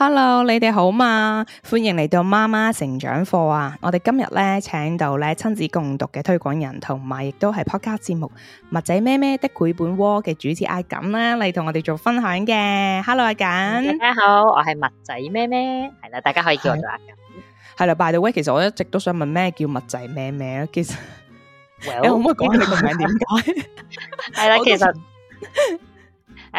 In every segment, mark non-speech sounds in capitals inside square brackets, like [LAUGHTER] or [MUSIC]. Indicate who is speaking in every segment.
Speaker 1: Hello，你哋好嘛？歡迎嚟到媽媽成長課啊！我哋今日咧請到咧親子共讀嘅推廣人，同埋亦都係 Podcast 節目襪仔咩咩的繪本窩嘅主持阿瑾啦，嚟同我哋做分享嘅。Hello，阿瑾，大家好，
Speaker 2: 我係襪仔咩咩，係啦，大家可以叫我做阿瑾。
Speaker 1: 係啦，by the way，其實我一直都想問咩叫襪仔咩咩，其實你可唔可以講下你個名點解？
Speaker 2: 係啦，其實。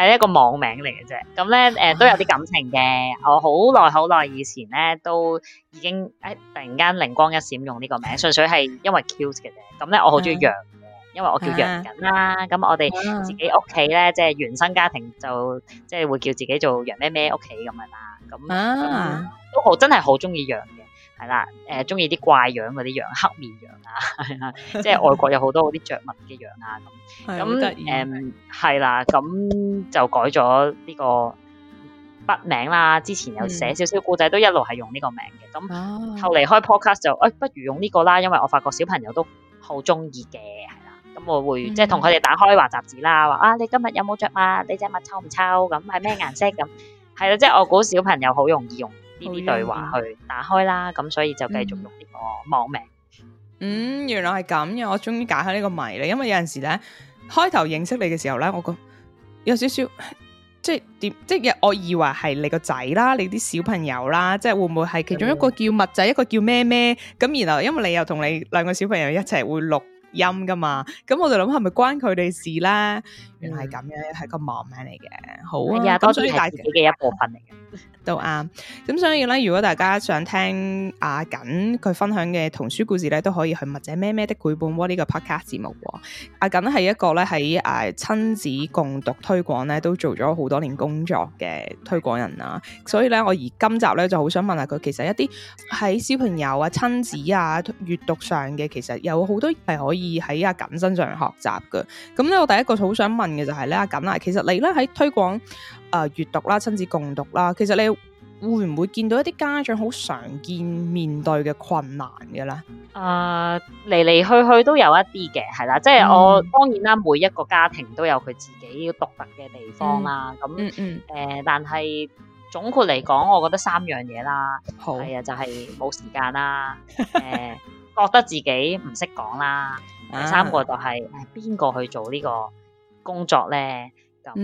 Speaker 2: 係一個網名嚟嘅啫，咁咧誒都有啲感情嘅。我好耐好耐以前咧都已經誒，突然間靈光一閃用呢個名，純粹係因為 cute 嘅啫。咁咧我好中意羊嘅，因為我叫楊瑾啦。咁我哋自己屋企咧即係原生家庭就即係會叫自己做楊咩咩屋企咁樣啦。咁都好真係好中意羊嘅。係啦，誒中意啲怪樣嗰啲羊，黑面羊啊，係啊， [LAUGHS] 即係外國有好多嗰啲著襪嘅羊啊，咁咁誒係啦，咁 [LAUGHS] 那、 [LAUGHS] um, 就改咗呢個筆名啦。之前有寫少少故仔、嗯、都一路係用呢個名嘅，咁、哦、後嚟開 podcast 就，我、嗯哎、不如用呢個啦，因為我發覺小朋友都好中意嘅，係啦，咁我會、嗯、即係同佢哋打開畫雜誌啦，話啊你今日有冇著襪？你隻襪抽唔抽？咁係咩顏色？咁係啊，即係我估
Speaker 1: 小朋友好容易用。呢啲對話去打開啦，咁、嗯、所以就繼續用呢個網名。嗯，原來係咁嘅，我終於解開呢個謎啦。因為有陣時咧，開頭認識你嘅時候咧，我覺有少少即係點，即係我以為係你個仔啦，你啲小朋友啦，即係會唔會係其中一個叫襪仔、嗯，一個叫咩咩？咁然後，因為你又同你兩個小朋友一齊會錄。音噶嘛，咁我就諗係咪關佢哋事咧？原來係咁樣的，係個網名嚟嘅。好啊，咁所以大佢嘅一部分嚟嘅，都 [LAUGHS] 啱、啊。咁所以咧，如果大家想聽阿瑾佢分享嘅童書故事咧，都可以去《襪仔咩咩的繪本窩》呢、呢個 podcast 節目、啊。阿瑾係一個咧喺誒親子共讀推廣咧都做咗好多年工作嘅推廣人啦、啊。所以咧，我而今集咧就好想問下佢，其實一啲喺小朋友啊、親子啊閱讀上嘅，其實有好多係可以。而喺阿錦身上學習嘅，咁咧我第一個好想問嘅就係、是、咧阿錦啊，其實你咧喺推廣啊閱讀啦、親子共讀啦，其實你會唔會見到一啲家長好常見面對嘅困難嘅咧？
Speaker 2: 誒、呃，嚟嚟去去，都有一啲嘅，係啦，即、就、係、是、我、嗯、當然啦，每一個家庭都有佢自己獨特嘅地方啦。咁、嗯、誒、嗯嗯呃，但係總括嚟講，我覺得三樣嘢啦，好、係啊，就係、是、冇時間啦，
Speaker 1: 誒、 [LAUGHS] 呃。
Speaker 2: 覺得自己唔識講啦。第三個就係係邊個去做呢個工作咧？咁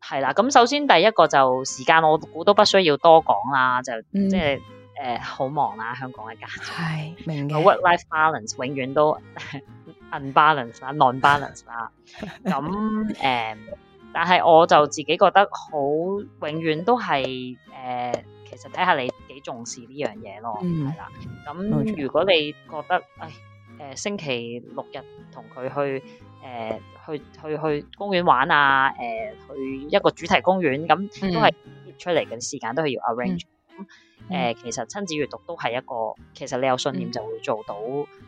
Speaker 2: 係啦。咁、嗯、首先第一個就時間我估都不需要多講啦。就即係誒好忙啦，啊，香港嘅家長。係明嘅。Work life balance 永遠都 [LAUGHS] unbalance 啊，non balance 啦 [LAUGHS] 咁誒、呃、但係我就自己覺得好，永遠都係誒、呃、其實睇下你。重視呢樣嘢咯，係、嗯、啦。咁如果你覺得，誒、哎、誒、呃，星期六日同佢去，誒、呃，去去去公園玩啊，誒、呃，去一個主題公園，咁都係出嚟嘅時間，都係要 arrange、嗯。誒、呃嗯，其實親子閱讀都係一個，其實你有信念就會做到，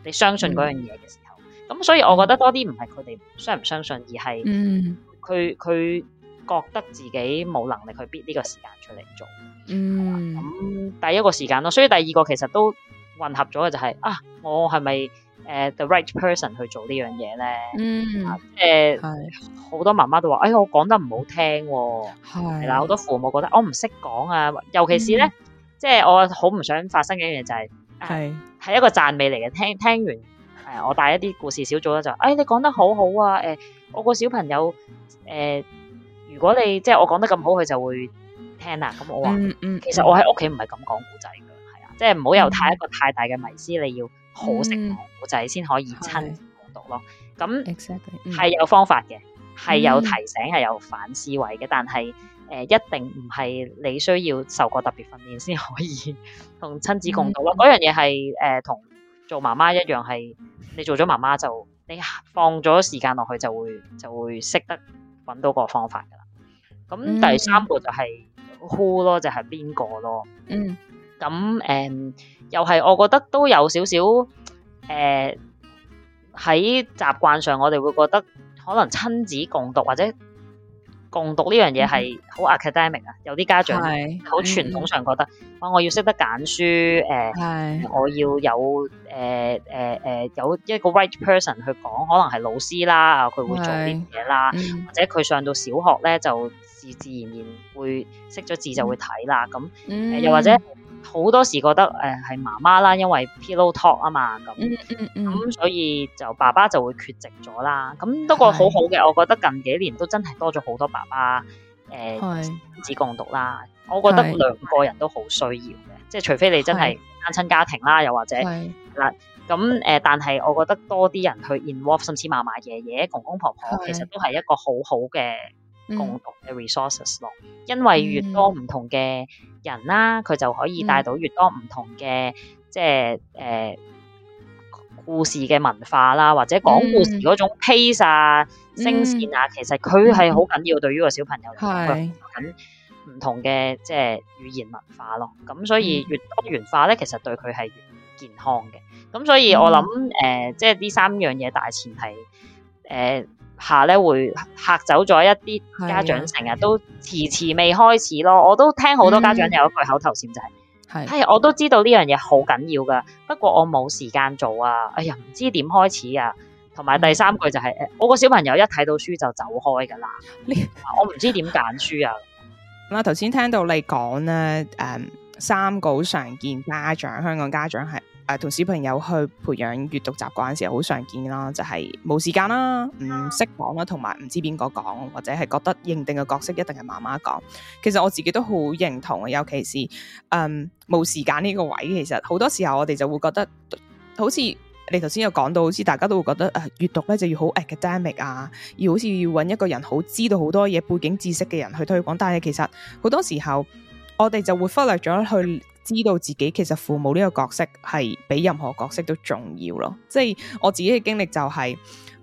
Speaker 2: 你相信嗰樣嘢嘅時候，咁所以我覺得多啲唔係佢哋相唔相信，而係佢佢。嗯覺得自己冇能力去逼呢個時間出嚟做，咁、嗯、第一個時間咯。所以第二個其實都混合咗嘅就係、係、啊，我係咪誒 the right person 去做這件事呢樣嘢咧？嗯，即係好多媽媽都話，哎，我講得唔好聽喎。
Speaker 1: 係啦，好多
Speaker 2: 父母覺得我唔識講啊。尤其是咧，即、嗯、係、就係、我好唔想發生嘅一樣嘢就係係係一個讚美嚟嘅。聽聽完係、呃、我帶一啲故事小組咧，就、哎、誒你講得好好啊！誒、呃，我個小朋友誒。呃如果你即係我講得咁好，佢就會聽啦。咁我話，其實我喺屋企唔係咁講古仔㗎，係啊，即係唔好有太一個太大嘅迷思，你要好識講古仔先可以親子共讀咯。咁係有方法嘅，係有提醒，係有反思維嘅，但係誒一定唔係你需要受過特別訓練先可以同親子共讀咯。嗰樣嘢係誒同做媽媽一樣，係你做咗媽媽就你放咗時間落去，就會就會識得搵到個方法。咁第三個就係 who 咯，就係邊個咯。嗯，咁誒、嗯、又係，我覺得都有少少誒喺習慣上，我哋會覺得可能親子共讀或者共讀呢樣嘢係好 academic 啊，有啲家長係好傳統上覺得，嗯哦、我要識得揀書、呃，我要有、呃呃呃、有一個 right person 去講，可能係老師啦，佢會做啲嘢啦，或者佢上到小學咧就自自然然會識咗字就會睇啦，咁、嗯呃、又或者。好多時覺得誒係、呃、媽媽啦，因為 pillow talk 啊嘛咁，咁、嗯嗯嗯、所以就爸爸就會缺席咗啦。咁不過好好嘅，我覺得近幾年都真係多咗好多爸爸誒、呃、子共讀啦。我覺得兩個人都好需要嘅，即係除非你真係單親家庭啦，又或者啦咁、呃、但係我覺得多啲人去 involve 甚至嫲嫲、爺爺、公公、婆婆、婆，其實都係一個好好嘅共讀嘅 resources 咯、嗯。因為越多唔同嘅、嗯。嗯人啦、啊，佢就可以帶到越多唔同嘅、嗯、即係誒、呃、故事嘅文化啦，或者講故事嗰種 pace 啊、嗯、
Speaker 1: 聲線
Speaker 2: 啊，其實佢係好緊要，對於個小朋友嚟講，咁、嗯、唔同嘅即係語言文化咯。咁、嗯、所以越多元化咧，其實對佢係越健康嘅。咁所以我諗誒、嗯呃，即係呢三樣嘢大前提誒。呃下咧，會嚇走咗一啲家長，成日都遲遲未開始咯。我都聽好多家長有一句口頭禪就係、是：係我都知道呢樣嘢好緊要噶，不過我冇時間做啊！哎呀，唔知點開始啊！同埋第三句就係、是嗯：我個小朋友一睇到書就走開噶啦。 [LAUGHS] 我唔知點揀書啊！咁、
Speaker 1: 嗯、啊，頭先聽到你講咧，誒、嗯，三個常見家長，香港家長係。同小朋友去培養閱讀習慣嘅時候，好常見啦，就係冇時間啦，唔識講啦，同埋唔知邊個講，或者係覺得認定嘅角色一定係媽媽講。其實我自己都好認同，尤其是嗯冇時間呢個位，其實好多時候我哋就會覺得，好似你頭先有講到，好似大家都會覺得誒，閱讀咧就要好 academic 啊，要好似要搵一個人好知道好多嘢背景知識嘅人去推廣。但係其實好多時候，我哋就會忽略咗去。知道自己其實父母呢個角色係比任何角色都重要咯，即係我自己嘅經歷就係、是，誒、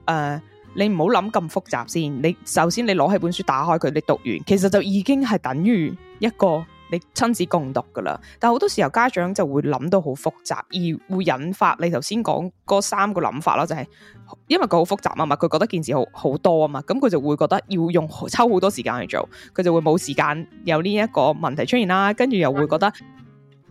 Speaker 1: 呃，你唔好諗咁複雜先。你首先你攞起本書打開佢，你讀完，其實就已經係等於一個你親子共讀噶啦。但好多時候家長就會諗到好複雜，而會引發你頭先講嗰三個諗法咯，就係、是、因為佢好複雜啊嘛，佢覺得件事好好多啊嘛，咁佢就會覺得要用抽好多時間去做，佢就會冇時間有呢一個問題出現啦，跟住又會覺得。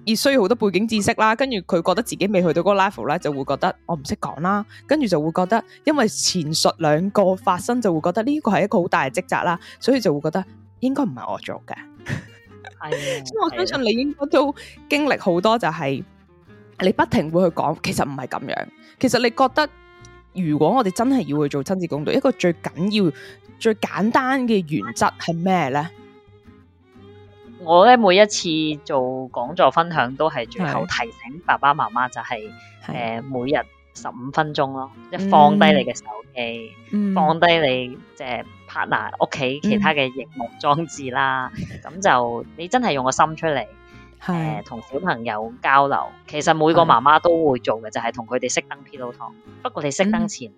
Speaker 1: 而需要好多背景知識啦，跟住佢覺得自己未去到嗰個 level 咧，就會覺得我唔識講啦，跟住就會覺得，因為前述兩個發生，就會覺得呢個係一個好大嘅職責啦，所以就會覺得應該唔係我做嘅。係、 [LAUGHS] 哎呀， [LAUGHS] 所以我相信你應該都經歷好多、就係，就係你不停會去講，其實唔係咁樣。其實你覺得，如果我哋真係要去做親子共讀，一個最緊要、最簡單嘅原則係咩呢？我呢
Speaker 2: 每一次做講座分享，都係最後提醒爸爸媽媽就係、是、誒每日十五分鐘咯，一放低你嘅手機、嗯，放低你即係 partner 屋企其他嘅熒幕裝置啦。咁、嗯、就你真係用個心出嚟，誒同、呃、小朋友交流。其實每個媽媽都會做嘅，就係同佢哋熄燈 Pillow Talk。不過你燈，你熄燈前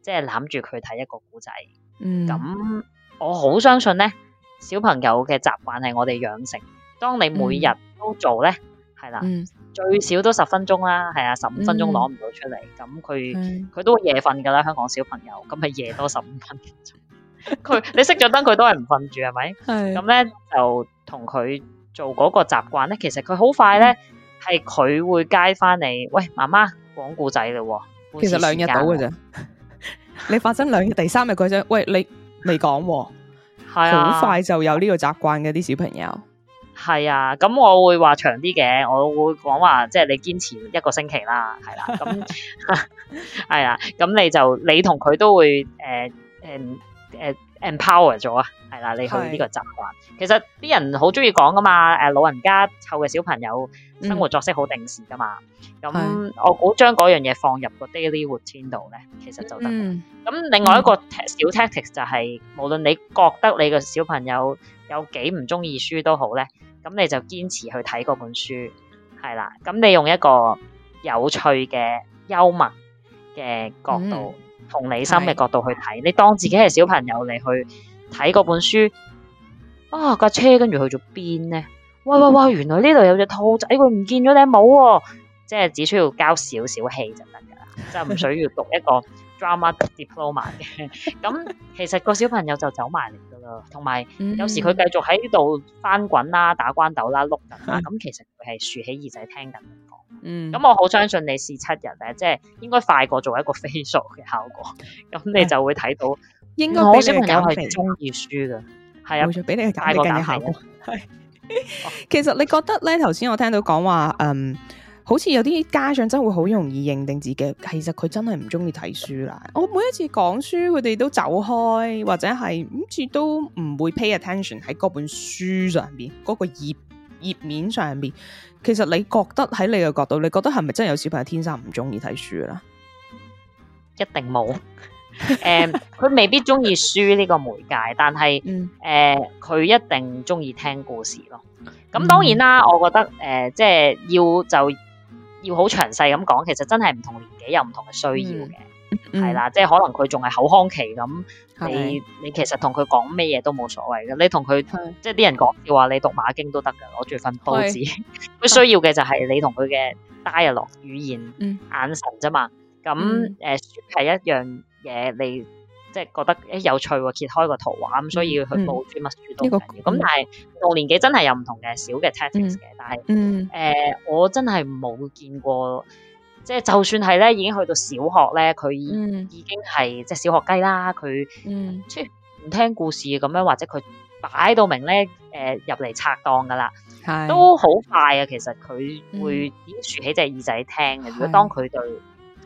Speaker 2: 即係攬住佢睇一個古仔。咁、嗯、我好相信呢。小朋友嘅習慣係我哋養成，當你每日都做咧，係啦，最少都十分鐘啦，係啊，十五分鐘攞唔到出嚟，咁佢佢都會夜瞓噶啦，香港小朋友，咁係夜多十五分鐘。佢你熄咗燈，佢都係唔瞓住，係咪？咁咧就同佢做嗰個習慣咧，其實佢好快咧，係佢會街翻嚟，喂，媽媽講故仔咯。其實兩日到㗎啫，
Speaker 1: 你發生兩日第三日嗰陣，喂，你未講喎。係啊、好快就有呢個習慣嘅啲小朋友，
Speaker 2: 係啊，咁我會話長啲嘅，我會講話即係你堅持一個星期啦，係啦，咁係啊，咁、 [LAUGHS] [LAUGHS] 啊、你就你同佢都會誒誒誒。呃呃呃 empower 咗啊，係啦，你去呢個習慣。其實啲人好中意講噶嘛，誒老人家後嘅小朋友生活作息好定時噶嘛。咁、嗯、我估將嗰樣嘢放入個 daily routine 度咧，其實就得。咁、嗯、另外一個小 tactics 就係、是嗯，無論你覺得你個小朋友有幾唔中意書都好咧，咁你就堅持去睇嗰本書。係啦，咁你用一個有趣嘅幽默嘅角度。嗯同理心嘅角度去睇，你當自己係小朋友嚟，去睇嗰本書，啊，架車跟住去咗邊呢？喂喂喂，原來呢度有隻兔仔，佢唔見咗頂帽喎，即係只需要交少少戲就得噶啦， [LAUGHS] 就唔需要讀一個 drama diploma 嘅。咁 [LAUGHS] [LAUGHS] 其實個小朋友就走埋嚟噶啦，同埋有、嗯、有時佢繼續喺度翻滾啦、啊、打關斗啦、啊、碌凳啦，咁其實佢係豎起耳仔聽緊。嗯，咁我好相信你試七日咧，即係應該快過做一個 Facebook 嘅效果，咁你就會睇到，應該俾你個係中意書噶，係啊，俾你個大個效果。係，
Speaker 1: [LAUGHS] 其實你覺得咧？頭先我聽到講話，嗯，好似有啲家長真係會好容易認定自己，其實佢真係唔中意睇書啦。我每一次講書，佢哋都走開，或者係每次都唔會 pay attention 喺嗰本書上邊，嗰個頁頁面上邊。其實你覺得喺你嘅角度，你覺得係咪真係有小朋友天生唔中意睇書啦？一定冇。
Speaker 2: 誒、 [LAUGHS] 呃，佢未必中意書呢個媒介，但係誒，佢、嗯呃、一定中意聽故事咯。
Speaker 1: 咁當然啦，
Speaker 2: 嗯、我覺得誒、呃，即係要就要好詳細咁講，其實真係唔同年紀有唔同嘅需要嘅。嗯係啦， [NOISE] 即係可能佢仲係口腔期咁，你你其實同佢講咩嘢都冇所謂嘅。你同佢即係啲人講嘅話，你讀馬經都得噶，攞住份報紙。佢 [LAUGHS] 需要嘅就係你同佢嘅 dialog 語言、嗯、眼神啫嘛。咁誒、係、嗯呃、一樣嘢，你即係覺得誒、欸、有趣，揭開個圖畫咁、嗯，所以佢報書、乜書都重要。咁但係到年紀真係有唔同嘅小嘅 tactics 嘅，但係誒、嗯呃，我真係冇見過。即係就算係咧，已經去到小學咧，佢已經係即係小學雞啦。佢、嗯、唔聽故事咁樣，或者佢擺到明咧，誒入嚟拆檔噶啦，都好快啊。其實佢會已經豎起隻耳仔聽嘅。如果當佢對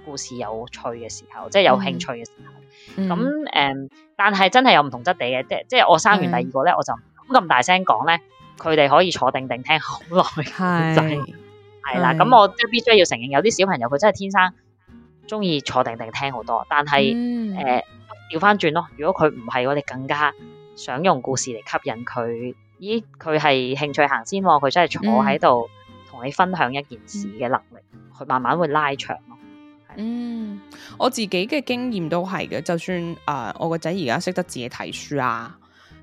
Speaker 2: 故事有趣嘅時候，即、嗯、係、就係、有興趣嘅時候，咁、嗯、誒、嗯，但係真係有唔同質地嘅。即係即係我生完第二個咧，我就唔敢咁大聲講咧，佢哋可以坐定定聽好耐。係。 [LAUGHS] 係啦，咁我即係必須要承認，有啲小朋友佢真係天生中意坐定定聽好多，但係誒調翻轉咯。如果佢唔係，我哋更加想用故事嚟吸引佢。咦，佢係興趣行先、啊，佢真係坐喺度同你分享一件事嘅能力，佢、嗯、慢慢會拉長咯。嗯，
Speaker 1: 我自己嘅經驗都係嘅，就算誒、呃、我個仔而家識得自己睇書啊，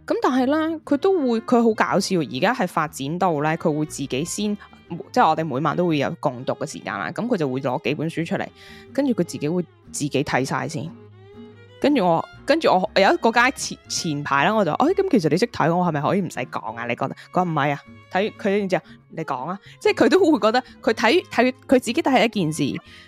Speaker 1: 咁但係咧佢都會，佢好搞笑。而家係發展到咧，佢會自己先。即係我哋每晚都會有共讀嘅時間啦，咁佢就會攞幾本書出嚟，跟住佢自己會自己睇晒先，跟住我跟住我有一個街前前排啦，我就哦，咁、哎、其實你識睇我，係咪可以唔使講啊？你覺得佢唔係啊？睇佢然之後你講啊，即係佢都會覺得佢睇睇佢自己睇係一件事，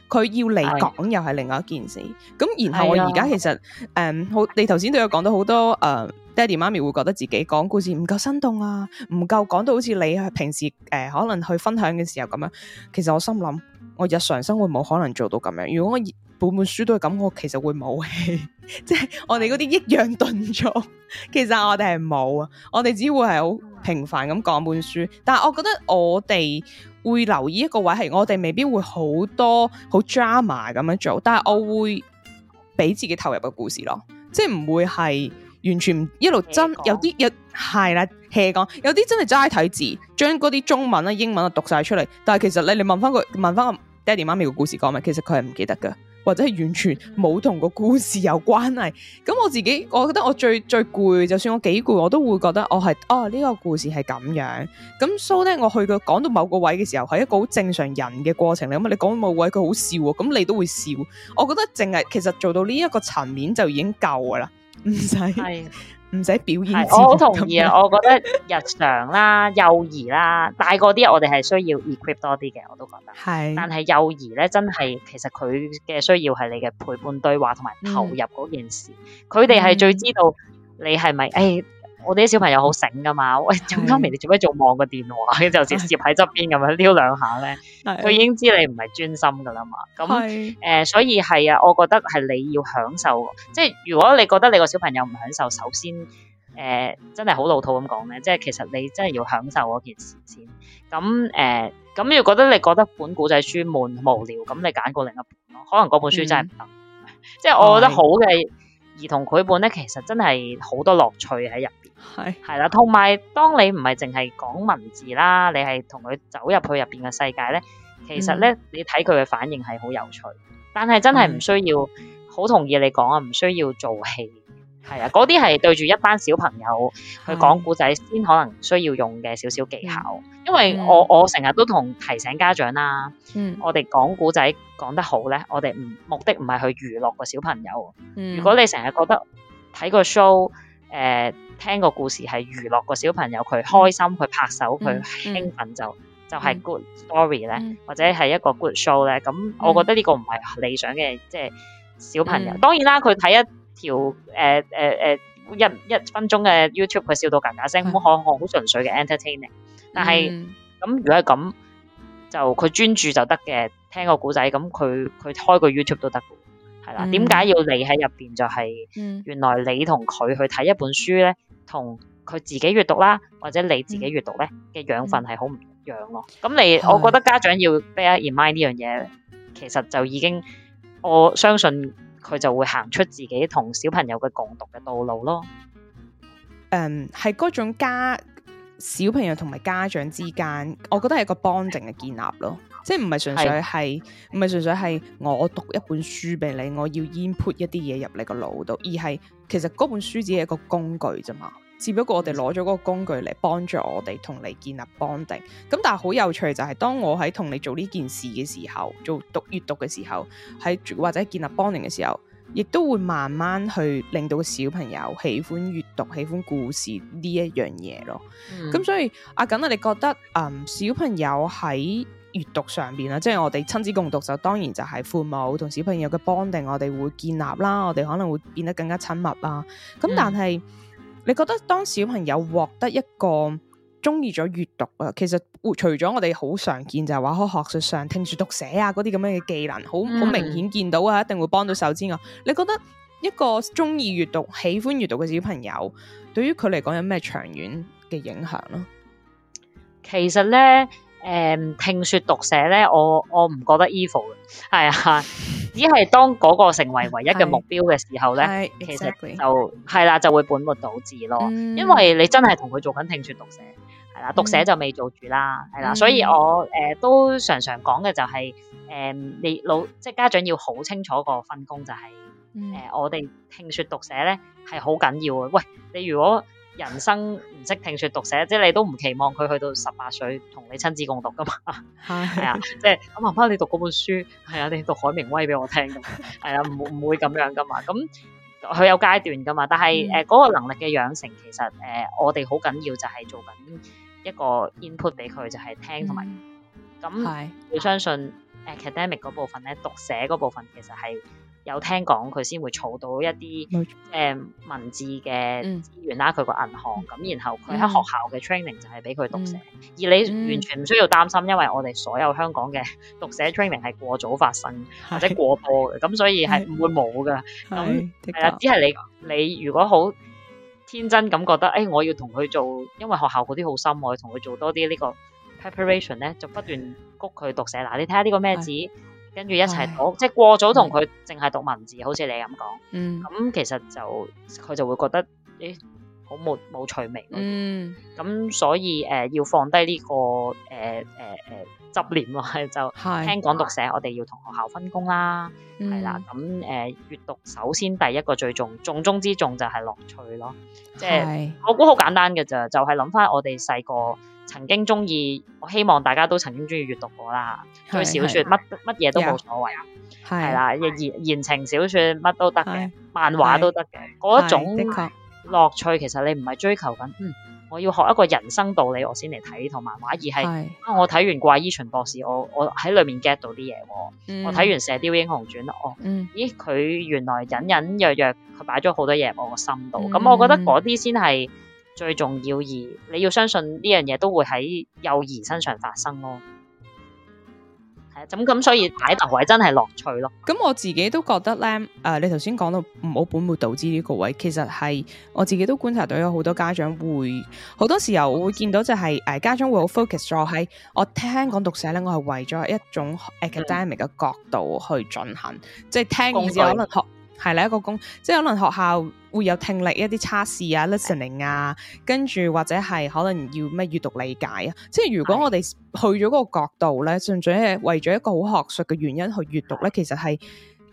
Speaker 1: 佢要你講又係另外一件事。咁然後我而家其實誒，好、嗯、你頭先都有講到好多誒。嗯爹哋媽咪會覺得自己講故事唔夠生動啊，唔夠講到好似你平時誒、呃、可能去分享嘅時候咁樣。其實我心諗，我日常生活冇可能做到咁樣。如果我本本書都係咁，我其實會冇氣。即 [LAUGHS] 係我哋嗰啲抑揚頓挫，其實我哋係冇啊。我哋只會係好平凡咁講本書。但係我覺得我哋會留意一個位，係我哋未必會好多好 drama 咁樣做，但係我會俾自己投入個故事咯，即係唔會係。完全一路真，有啲一係啦 hea 講，有啲真係齋睇字，將嗰啲中文英文啊讀晒出嚟。但係其實你你問翻個問翻個爹哋媽咪個故事講咩，其實佢係唔記得噶，或者係完全冇同個故事有關係。咁我自己，我覺得我最最攰，就算我幾攰，我都會覺得我係哦呢個故事係咁樣。咁 so 我去到講到某個位嘅時候，係一個好正常人嘅過程嚟。咁你講到某個位佢好笑，咁你都會笑。我覺得淨係其實做到呢一個層面就已經夠噶啦。唔使，唔使、啊、表現我好同意、啊， [LAUGHS] 我
Speaker 2: 覺得日常啦、幼兒啦、大個啲，我哋係需要 equip 多啲嘅，我都覺得。係、啊，但係幼兒咧，真係其實佢嘅需要係你嘅陪伴、對話同埋投入嗰件事，
Speaker 1: 佢哋係最知
Speaker 2: 道你係咪誒。嗯哎我哋啲小朋友好醒噶嘛？喂，Jamie，你做咩仲望個電話？就直接喺側邊咁樣撩兩下咧？佢已經知你唔係專心噶啦嘛。咁誒、呃，所以係啊，我覺得係你要享受。即係如果你覺得你個小朋友唔享受，首先誒、呃、真係好老土咁講咧，即係其實你真係要享受嗰件事先。咁誒，咁、呃、要覺得你覺得本古仔書悶無聊，咁你揀過另一本咯。可能嗰本書真係唔得。即係我覺得好嘅兒童繪本咧，其實真係好多樂趣喺入。係係啦，同埋當你唔係淨係講文字啦，你係同佢走入去入邊嘅世界咧，
Speaker 1: 其實咧
Speaker 2: 你睇佢嘅反應係好有趣。嗯、但係真係唔需要，好、嗯、同意你講啊，唔需要做戲，係啊，嗰啲係對住一班小朋友去講古仔先可能需要用嘅少少技巧，嗯。因為我我成日都同提醒家長啦、啊嗯，我哋講古仔講得好咧，我哋唔目的唔係去娛樂個小朋友。嗯、如果你成日覺得睇個 show，誒、呃。聽個故事係娛樂個小朋友，佢開心，佢拍手，佢興奮就就係 good story 咧，或者係一個 good show 咧。咁我覺得呢個唔係理想嘅，即係小朋友。當然啦，佢睇一條誒誒誒一一分鐘嘅 YouTube 佢笑到格格聲，咁可可好純粹嘅 entertaining。但係咁如果係咁，就佢專注就得嘅，聽個古仔咁佢佢開個 YouTube 都得。
Speaker 1: 係啦，點解要
Speaker 2: 你喺入邊？就係原來你同佢去睇一本書咧，同、嗯、佢自己閱讀啦，或者你自己閱讀咧嘅養分係好唔一樣咯。咁、嗯、你，我覺得家長要 bear in mind 呢樣嘢，其實就已經我相信佢就會行出自己同小朋友嘅共讀嘅道路
Speaker 1: 咯。嗯，係嗰種家。小朋友同埋家長之間，我覺得係個 bonding 嘅建立咯，即係唔係純粹係唔係純粹係我讀一本書俾你，我要 input 一啲嘢入你個腦度，而係其實嗰本書只係一個工具啫嘛，只不過我哋攞咗嗰個工具嚟幫助我哋同你建立 bonding。咁但係好有趣就係當我喺同你做呢件事嘅時候，做讀閱讀嘅時候，喺或者建立 bonding 嘅時候。亦都會慢慢去令到小朋友喜歡閱讀、喜歡故事呢一樣嘢咯。咁、嗯、所以阿瑾啊，你覺得嗯小朋友喺閱讀上邊啦，即係我哋親子共讀就當然就係父母同小朋友嘅 bonding，我哋會建立啦，我哋可能會變得更加親密啊。咁但係、嗯、你覺得當小朋友獲得一個中意咗閱讀啊，其實除咗我哋好常見就係話喺學術上聽說讀寫啊，嗰啲咁樣嘅技能，好好明顯見到啊、嗯，一定會幫到手之外，你覺得一個中意閱讀、喜歡閱讀嘅小朋友，對於佢嚟講有咩長遠嘅影響咯？其實呢，誒、嗯，聽說讀寫咧，我我唔覺得 evil，係啊，
Speaker 2: 只係當嗰個成為唯一嘅目標嘅時候呢，exactly. 其實就係啦、啊，就會本末倒置咯、嗯，因為你真係同佢做緊聽說讀寫。讀寫就未做住啦，係啦，所以我誒都常常講嘅就係誒你老，即係家長要好清楚個分工，就係誒我哋聽説讀寫咧係好緊要嘅。喂，你如果人生唔識聽説讀寫，即係你都唔期望佢去到十八歲同你親子共讀噶嘛？係啊，即係咁媽媽，你讀嗰本書，係啊，你讀海明威俾我聽咁，係啊，唔唔會咁樣噶嘛？咁佢有階段噶嘛？但係誒嗰個能力嘅養成，其實誒我哋好緊要就係做緊。一個 input 俾佢就係、是、聽同埋，
Speaker 1: 咁、嗯、
Speaker 2: 你相信 academic 嗰部分咧，讀寫嗰部分其實係有聽講佢先會儲到一啲、呃、文字嘅資源啦。佢、嗯、個銀行咁，然後佢喺學校嘅 training 就係俾佢讀寫、嗯。而你完全唔需要擔心，嗯、因為我哋所有香港嘅讀寫 training 係過早發生或者過波嘅，咁所以係唔會冇噶。
Speaker 1: 咁係啦，只係
Speaker 2: 你你如果好，天真咁覺得，誒，我要同佢做，因為學校嗰啲好深，我要同佢做多啲呢個 preparation 咧，就不斷谷佢讀寫。嗱，你睇下呢個咩字，跟住一齊讀，即係過早同佢淨係讀文字，好似你咁講。嗯，咁其實就佢就會覺得，誒。好沒冇趣味，嗯，咁所以誒、呃、要放低呢、這個誒誒誒執念咯， [LAUGHS] 就聽講讀寫，我哋要同學校分工啦，係、嗯、啦，咁誒閱讀首先第一個最重重中之重就係樂趣咯，
Speaker 1: 即係、就是、
Speaker 2: 我估好簡單嘅咋，就係諗翻我哋細個曾經中意，我希望大家都曾經中意閱讀過啦，啲小說乜乜嘢都冇所謂，係啦，言言情小說乜都得嘅，漫畫都得嘅，嗰種樂趣其實你唔係追求緊、嗯，我要學一個人生道理我先嚟睇同埋漫畫是，而係、啊、我睇完怪醫秦博士，我我喺裏面 get 到啲嘢喎。我睇完射雕英雄傳，哦、嗯，咦，佢原來隱隱約約佢擺咗好多嘢喺我個心度。咁、嗯、我覺得嗰啲先係最重要，而你要相信呢樣嘢都會喺幼兒身上發生咯。咁咁所以睇學位
Speaker 1: 真係樂趣咯。咁、嗯、我自己都覺得咧，誒、呃，你頭先講到唔好本末倒置呢個位，其實係我自己都觀察到有好多家長會，好多時候會見到就係，誒，家長會好 focus 咗喺，我聽講讀寫咧，我係為咗一種 academic 嘅角度去進行，即、嗯、係、就是、聽而可能學。係另一個功即係可能學校會有聽力一啲測試啊、listening 啊，跟住或者係可能要咩閱讀理解啊。即係如果我哋去咗個角度咧，純粹係為咗一個好學術嘅原因去閱讀咧，是其實係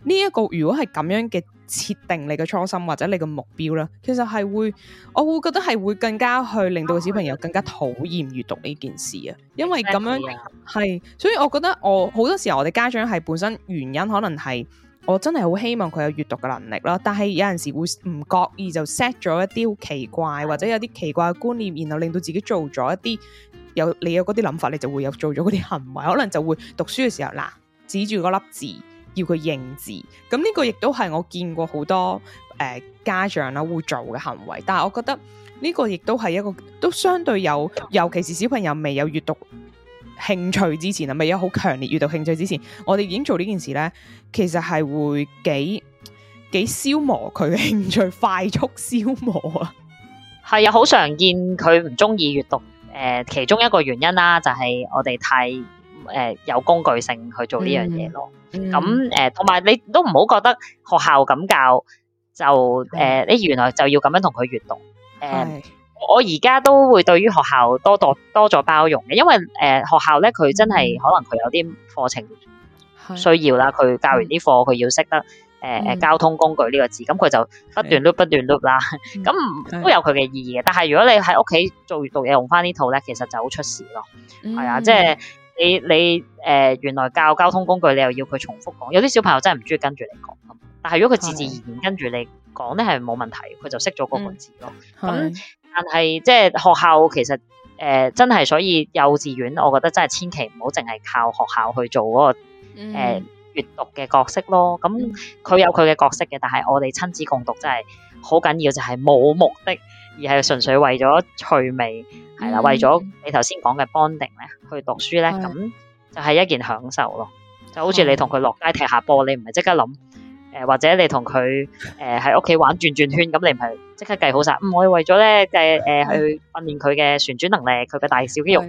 Speaker 1: 呢一個如果係咁樣嘅設定，你嘅初心或者你嘅目標咧，其實係會，我會覺得係會更加去令到小朋友更加討厭閱讀呢件事啊。因為咁樣係，所以我覺得我好多時候我哋家長係本身原因可能係。我真係好希望佢有閱讀嘅能力囉。但係有陣時會唔覺意就 set 咗一啲好奇怪或者有啲奇怪嘅觀念，然後令到自己做咗一啲有你有嗰啲諗法，你就會有做咗嗰啲行為，可能就會讀書嘅時候嗱指住嗰粒字要佢認字，咁、嗯、呢個亦都係我見過好多誒、呃、家長啦會做嘅行為，但係我覺得呢個亦都係一個都相對有，尤其是小朋友未有閱讀。興趣之前啊，咪有好強烈閱讀興趣之前，我哋已經做呢件事咧，其實係會幾幾消磨佢嘅興趣，快速消磨啊
Speaker 2: 是。係啊，好常見佢唔中意閱讀誒、呃，其中一個原因啦，就係我哋太誒有工具性去做呢樣嘢咯。咁、嗯、誒、同、嗯、埋、呃、你都唔好覺得學校咁教就誒、呃，你原來就要咁樣同佢閱讀誒。呃我而家都會對於學校多多多咗包容嘅，因為誒、呃、學校咧佢真係、mm -hmm. 可能佢有啲課程需要啦，佢、mm -hmm. 教完啲課佢要識得誒誒、呃 mm -hmm. 交通工具呢個字，咁佢就不斷 loop 不斷 loop 啦，咁、mm -hmm. 都有佢嘅意義嘅。但係如果你喺屋企做閲讀嘢用翻呢套咧，其實就好出事咯，係、mm、啊 -hmm.，即、就、係、是、你你誒、呃、原來教交通工具，你又要佢重複講，有啲小朋友真係唔中意跟住你講，但係如果佢自自然然跟住你講咧，係冇問題，佢就識咗嗰個字咯，咁、mm -hmm. 嗯。但係即係學校其實誒、呃、真係，所以幼稚園我覺得真係千祈唔好淨係靠學校去做嗰、那個誒閲、嗯呃、讀嘅角色咯，咁佢、嗯、有佢嘅角色嘅，但係我哋親子共讀真係好緊要，就係、是、冇目的而係純粹為咗趣味係啦、嗯，為咗你頭先講嘅 bonding 咧去讀書咧，咁就係一件享受咯，就好似你同佢落街踢下波，你唔係即刻諗。誒，或者你同佢誒喺屋企玩轉轉圈，咁你唔係即刻計好晒，唔我係為咗咧誒誒去訓練佢嘅旋轉能力，佢嘅大小肌肉。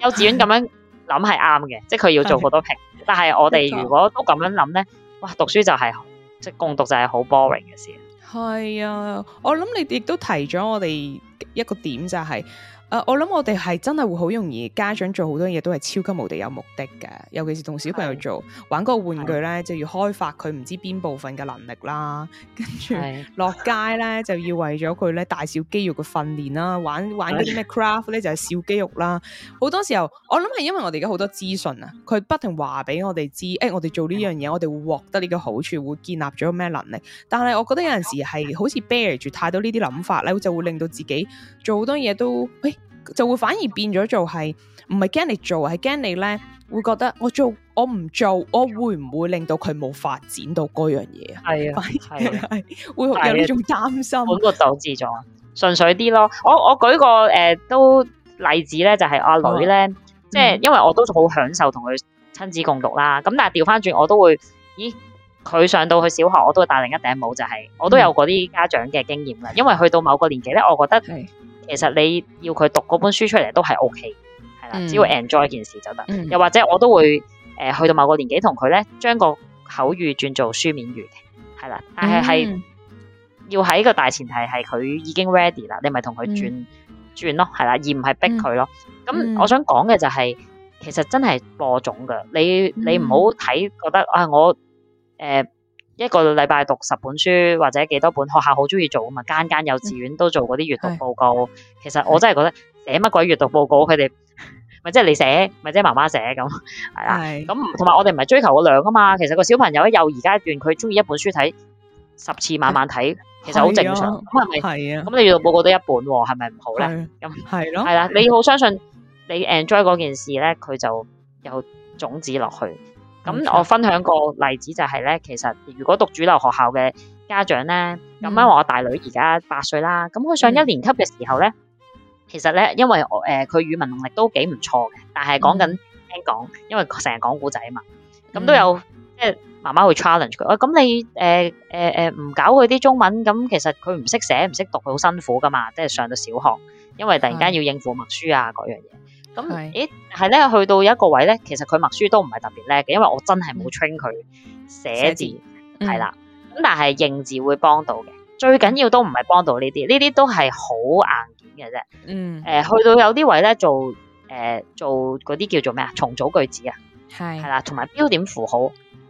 Speaker 2: 幼稚園咁樣諗係啱嘅，即係佢要做好多評。但係我哋如果都咁樣諗咧，哇，讀書就係即係共讀就係好 boring 嘅事。
Speaker 1: 係啊，我諗你哋亦都提咗我哋一個點就係。Uh, 我諗我哋係真係會好容易，家長做好多嘢都係超級無敵有目的嘅，尤其是同小朋友做玩個玩具咧，就要開發佢唔知邊部分嘅能力啦。跟住落街咧，就要為咗佢咧大小肌肉嘅訓練啦。玩玩嗰啲咩 craft 咧，就係小肌肉啦。好 [LAUGHS] 多時候，我諗係因為我哋而家好多資訊啊，佢不停話俾我哋知，誒，我哋做呢樣嘢，我哋會獲得呢個好處，會建立咗咩能力。但係我覺得有陣時係好似 bear 住太多呢啲諗法咧，就會令到自己做好多嘢都喂。就會反而變咗做係唔係驚你做，係驚你咧會覺得我做我唔做，我會唔會令到佢冇發展到嗰樣嘢啊？係啊，係 [LAUGHS] 會是的 [LAUGHS] 會有呢種擔心，會唔會導致咗？
Speaker 2: 純粹啲咯，我我，我舉個誒、呃、都例子咧，就係、是、阿、啊啊、女咧，即、嗯、
Speaker 1: 係、就是、因
Speaker 2: 為我都好享受同佢親子共讀啦。咁但係調翻轉，我都會，咦，佢上到去小學，我都會帶另一頂帽、就是，就係我都有嗰啲家長嘅經驗啦、嗯。因為去到某個年紀咧，我覺得。其實你要佢讀嗰本書出嚟都係 OK，係啦，只要 enjoy 件事就得、嗯。又或者我都會誒、呃、去到某個年紀同佢咧，將個口語轉做書面語，係啦。但係係要喺個大前提係佢已經 ready 啦，你咪同佢轉、嗯、轉咯，係啦，而唔係逼佢咯。咁、嗯、我想講嘅就係、是，其實真係播種㗎，你、嗯、你唔好睇覺得啊、哎、我誒。呃一個禮拜讀十本書或者幾多本，學校好中意做啊嘛，間間幼稚園都做嗰啲閱讀報告。其實我真係覺得寫乜鬼閱讀報告，佢哋咪即係你寫，咪即係媽媽寫咁係啦。咁同埋我哋唔係追求個量啊嘛。其實個小朋友喺幼兒階段，佢中意一本書睇十次，慢慢睇，其實好正常。咁係咪？係啊。咁你閱讀報告得一本，係咪唔好咧？咁係咯。係啦，你好相信你 enjoy 嗰件事咧，佢就有種子落去。咁我分享個例子就係咧，其實如果讀主流學校嘅家長咧，咁啱話我大女而家八歲啦，咁佢上一年級嘅時候咧、嗯，其實咧因為佢、呃、語文能力都幾唔錯嘅，但係講緊聽講，因為成日講古仔啊嘛，咁都有、嗯、即係媽媽會 challenge 佢，哦咁你誒唔、呃呃呃、搞佢啲中文，咁其實佢唔識寫唔識讀，佢好辛苦噶嘛，即係上到小學，因為突然間要應付默書啊嗰樣嘢。
Speaker 1: 咁，咦，
Speaker 2: 係咧，去到一個位咧，其實佢默書都唔係特別叻嘅，因為我真係冇 train 佢寫字，係啦。咁、嗯、但係認字會幫到嘅，最緊要都唔係幫到呢啲，呢啲都係好硬件嘅啫。嗯，誒、呃，去到有啲位咧做，誒、呃，做嗰啲叫做咩啊？重組句子啊，係，係啦，同埋標點符號。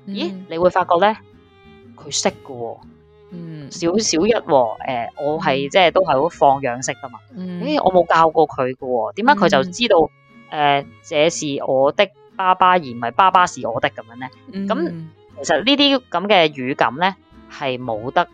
Speaker 2: 咦，嗯、你會發覺咧，佢識㗎喎。小小一喎，誒，我係即係都係好放養式噶嘛。誒，我冇教過佢㗎喎，點解佢就知道誒這是我的爸爸，而唔係爸爸是我的咁樣咧？咁其實呢啲咁嘅語感咧係冇得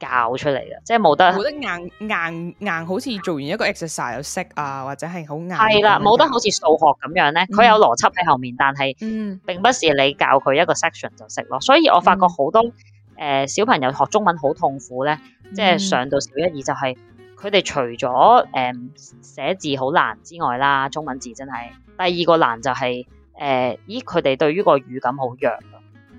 Speaker 2: 教出嚟嘅，即係冇得冇
Speaker 1: 得硬硬硬好似做完一個 exercise 識啊，或者係好硬係啦，冇得好似數
Speaker 2: 學咁樣咧，佢有邏輯喺後面，但係
Speaker 1: 嗯，並不是你教佢一個 section 就識咯。所
Speaker 2: 以我發覺好多。誒、呃、小朋友學中文好痛苦咧，
Speaker 1: 即係上
Speaker 2: 到小一二就係佢哋除咗誒、呃、寫字好難之外啦，中文字真係第二個難就係、是、誒，咦佢哋對於個語感好弱。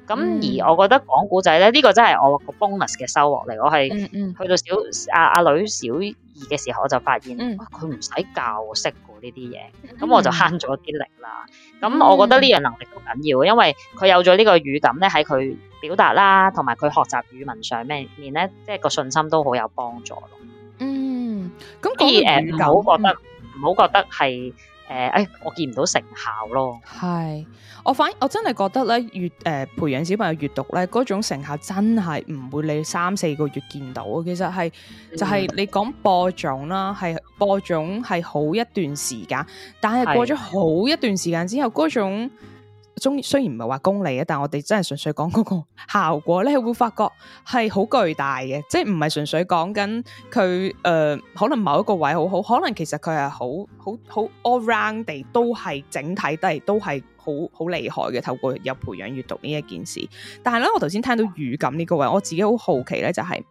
Speaker 2: 咁而我覺得講古仔咧，呢、這個真係我個 bonus 嘅收穫嚟，我係去到小阿阿、啊、女小二嘅時候，我就發現哇佢唔使教識呢啲嘢，咁我就慳咗幾多力啦。咁我覺得呢樣能力好緊要，嗯，因為佢有咗呢個語感咧，喺佢表達啦，同埋佢學習語文上面咧，即係個信心都好有幫助咯。嗯，
Speaker 1: 咁所以唔好覺
Speaker 2: 得，唔好覺得係。誒，誒，我
Speaker 1: 見唔到成效咯。係，我反而我真係覺得咧，閱，誒，培養小朋友閱讀咧，嗰種成效真係唔會你三四個月見到。其實係，嗯、就係你講播種啦，係播種係好一段時間，但係過咗好一段時間之後，嗰種。中雖然唔係話功利啊，但我哋真係純粹講嗰個效果咧，你會發覺係好巨大嘅，即係唔係純粹講緊佢誒，可能某一個位好好，可能其實佢係好好好 all around 地都係整體都都係。好好厲害嘅，透過有培養閱讀呢一件事，但係咧，我頭先聽到語感呢個位，我自己好好奇咧、就是，就係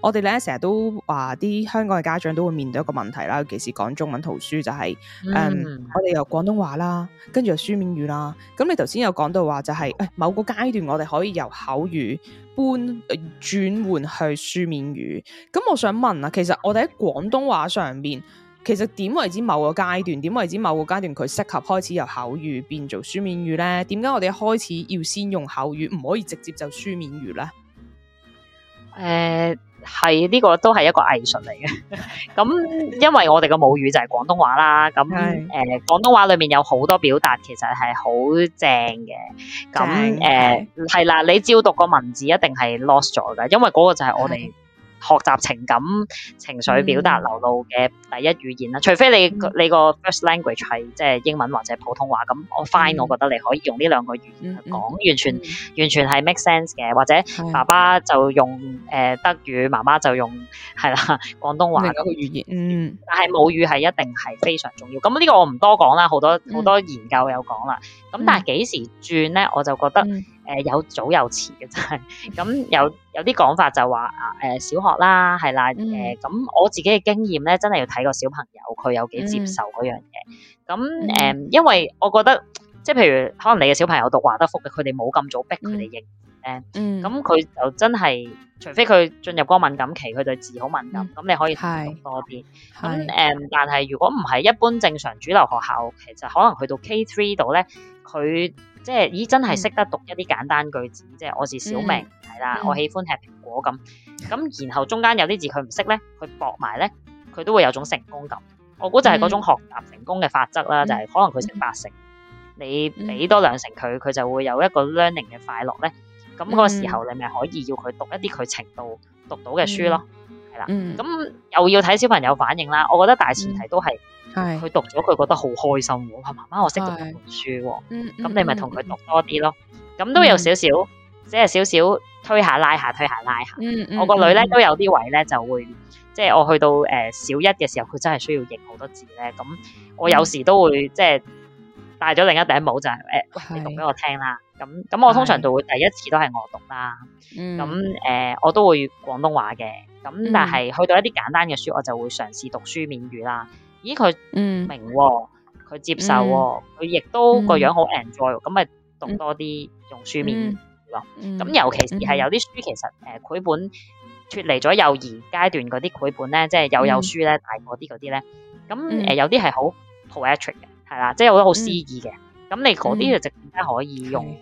Speaker 1: 我哋咧成日都話啲香港嘅家長都會面對一個問題啦，尤其是講中文圖書就係、是，誒、嗯嗯，我哋由廣東話啦，跟住有書面語啦，咁你頭先有講到話就係、是，誒、哎，某個階段我哋可以由口語搬轉換、呃、去書面語，咁我想問啊，其實我哋喺廣東話上面。其實點為之某個階段？點為之某個階段佢適合開始由口語變做書面語呢？點解我哋開始要先用口語，唔可以直接就書面語呢？誒、呃，係呢、這個都係一個藝術嚟嘅。
Speaker 2: 咁 [LAUGHS] 因為我哋嘅母語就係廣東話啦。咁誒，廣、呃、東話裏面有好多表達，其實係好正嘅。咁誒，係、呃、啦，你照讀個文字一定係 lost 咗噶，因為嗰個就係我哋。學習情感情緒表達流露嘅第一語言啦、嗯，除非你、嗯、你個 first language 係即係英文或者普通話，咁我 fine 我覺得你可以用呢兩個語言去講、嗯，完全、嗯、完全係 make sense 嘅、嗯。或者爸爸就用、呃、德語，媽媽就用係啦廣東話嗰個語言，嗯、但係母語係一定係非常重要的。咁呢個我唔多講啦，好多好、嗯、多研究有講啦。咁、嗯、但係幾時轉呢？我就覺得，嗯誒有早有遲嘅真係，咁 [LAUGHS] 有有啲講法就話啊，誒小學啦，係啦，誒咁、嗯嗯、我自己嘅經驗咧，真係要睇個小朋友佢有幾接受嗰樣嘢。咁、嗯、誒、嗯嗯，因為我覺得即係譬如可能你嘅小朋友讀華德福嘅，佢哋冇咁早逼佢哋認。嗯。咁佢就真係除非佢進入嗰個敏感期，佢對字好敏感，咁、嗯、你可以讀多啲。咁誒、嗯，但係如果唔係一般正常主流學校，其實可能去到 K3 度咧，佢。即係，咦！真係識得讀一啲簡單句子，即係我是小明，係、嗯、啦，我喜歡吃蘋果咁。咁然後中間有啲字佢唔識咧，佢駁埋咧，佢都會有一種成功感。我估就係嗰種學習成功嘅法則啦，嗯、就係、是、可能佢成八成，嗯、你俾多兩成佢，佢就會有一個 learning 嘅快樂咧。咁嗰個時候你咪可以要佢讀一啲佢程度讀到嘅書咯，係、嗯嗯、啦。咁又要睇小朋友反應啦。我覺得大前提都係。佢讀咗，佢覺得好開心喎。係媽媽，我識讀書喎。咁你咪同佢讀多啲咯。咁、嗯嗯、都有少少，即係少少推下拉下，推下拉下。我個女咧都有啲位咧，就會即係、就是、我去到誒、呃、小一嘅時候，佢真係需要認好多字咧。咁我有時都會即係、嗯就是、戴咗另一頂帽，就係、是、誒你讀俾我聽啦。咁咁我通常就會第一次都係我讀啦。咁、嗯、誒、呃、我都會廣東話嘅，咁但係、嗯、去到一啲簡單嘅書，我就會嘗試讀書面語啦。咦佢明喎、哦，佢接受喎、哦，佢、嗯、亦都個樣好 enjoy，咁咪讀多啲用書面咯。咁、嗯嗯、尤其是係有啲書其實誒繪本脫離咗幼兒階段嗰啲繪本咧，即係幼幼書咧、嗯、大我啲大個啲嗰啲咧，咁誒、嗯呃、有啲係好 poetic 嘅，係啦，即係我覺得好詩意嘅。咁、嗯、你嗰啲就直接可以用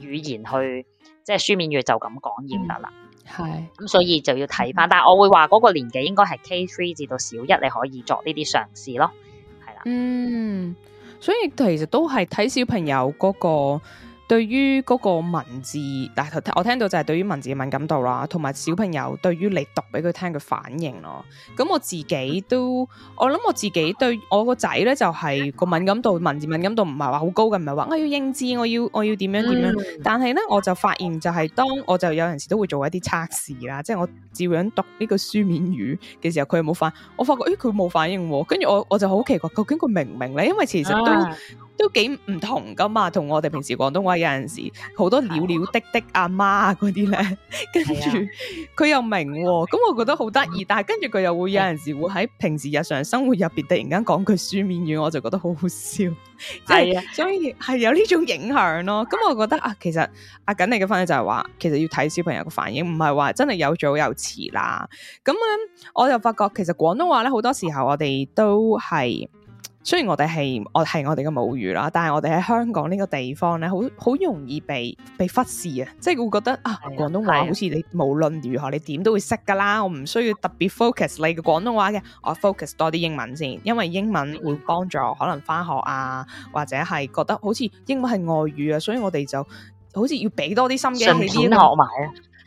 Speaker 2: 語言去即係、就是、書面語就咁講要得啦。嗯。係咁、嗯，所以就要睇返、嗯，但係我會話嗰個年紀應該係 K3 至到小一，你可以作呢啲嘗試咯，
Speaker 1: 係啦。嗯，所以其實都係睇小朋友嗰、嗰個。對於嗰個文字，但係我聽到就係對於文字嘅敏感度啦，同埋小朋友對於你讀俾佢聽嘅反應咯。咁我自己都，我諗我自己對我個仔咧就係個敏感度，文字敏感度唔係話好高嘅，唔係話我要認知，我要我要點樣點樣。嗯、但係咧，我就發現就係當我就有陣時都會做一啲測試啦，即係我照樣讀呢個書面語嘅時候，佢冇反應，我發覺誒佢冇反應喎。跟住我我就好奇怪，究竟佢明唔明咧？因為其實都、啊、都幾唔同噶嘛，同我哋平時廣東話。有陣時好多鳥鳥滴滴阿媽嗰啲咧，跟住佢又明、哦，咁我覺得好得意。但係跟住佢又會有陣時會喺平時日常生活入邊突然間講句書面語，我就覺得好好笑。係、即係、所以係有呢種影響咯。咁我覺得啊，其實阿瑾你嘅分析就係話，其實要睇小朋友嘅反應，唔係話真係有早有遲啦。咁咧，我就發覺其實廣東話咧，好多時候我哋都係。雖然我哋係我係我哋嘅母語啦，但係我哋喺香港呢個地方咧，好好容易被被忽視啊！即係會覺得啊，廣東話好似你無論如何你點都會識噶啦，我唔需要特別 focus 你嘅廣東話嘅，我 focus 多啲英文先，因為英文會幫助可能返學啊，或者係覺得好似英文係外語啊，所以我哋就好似要俾多啲心機去學埋。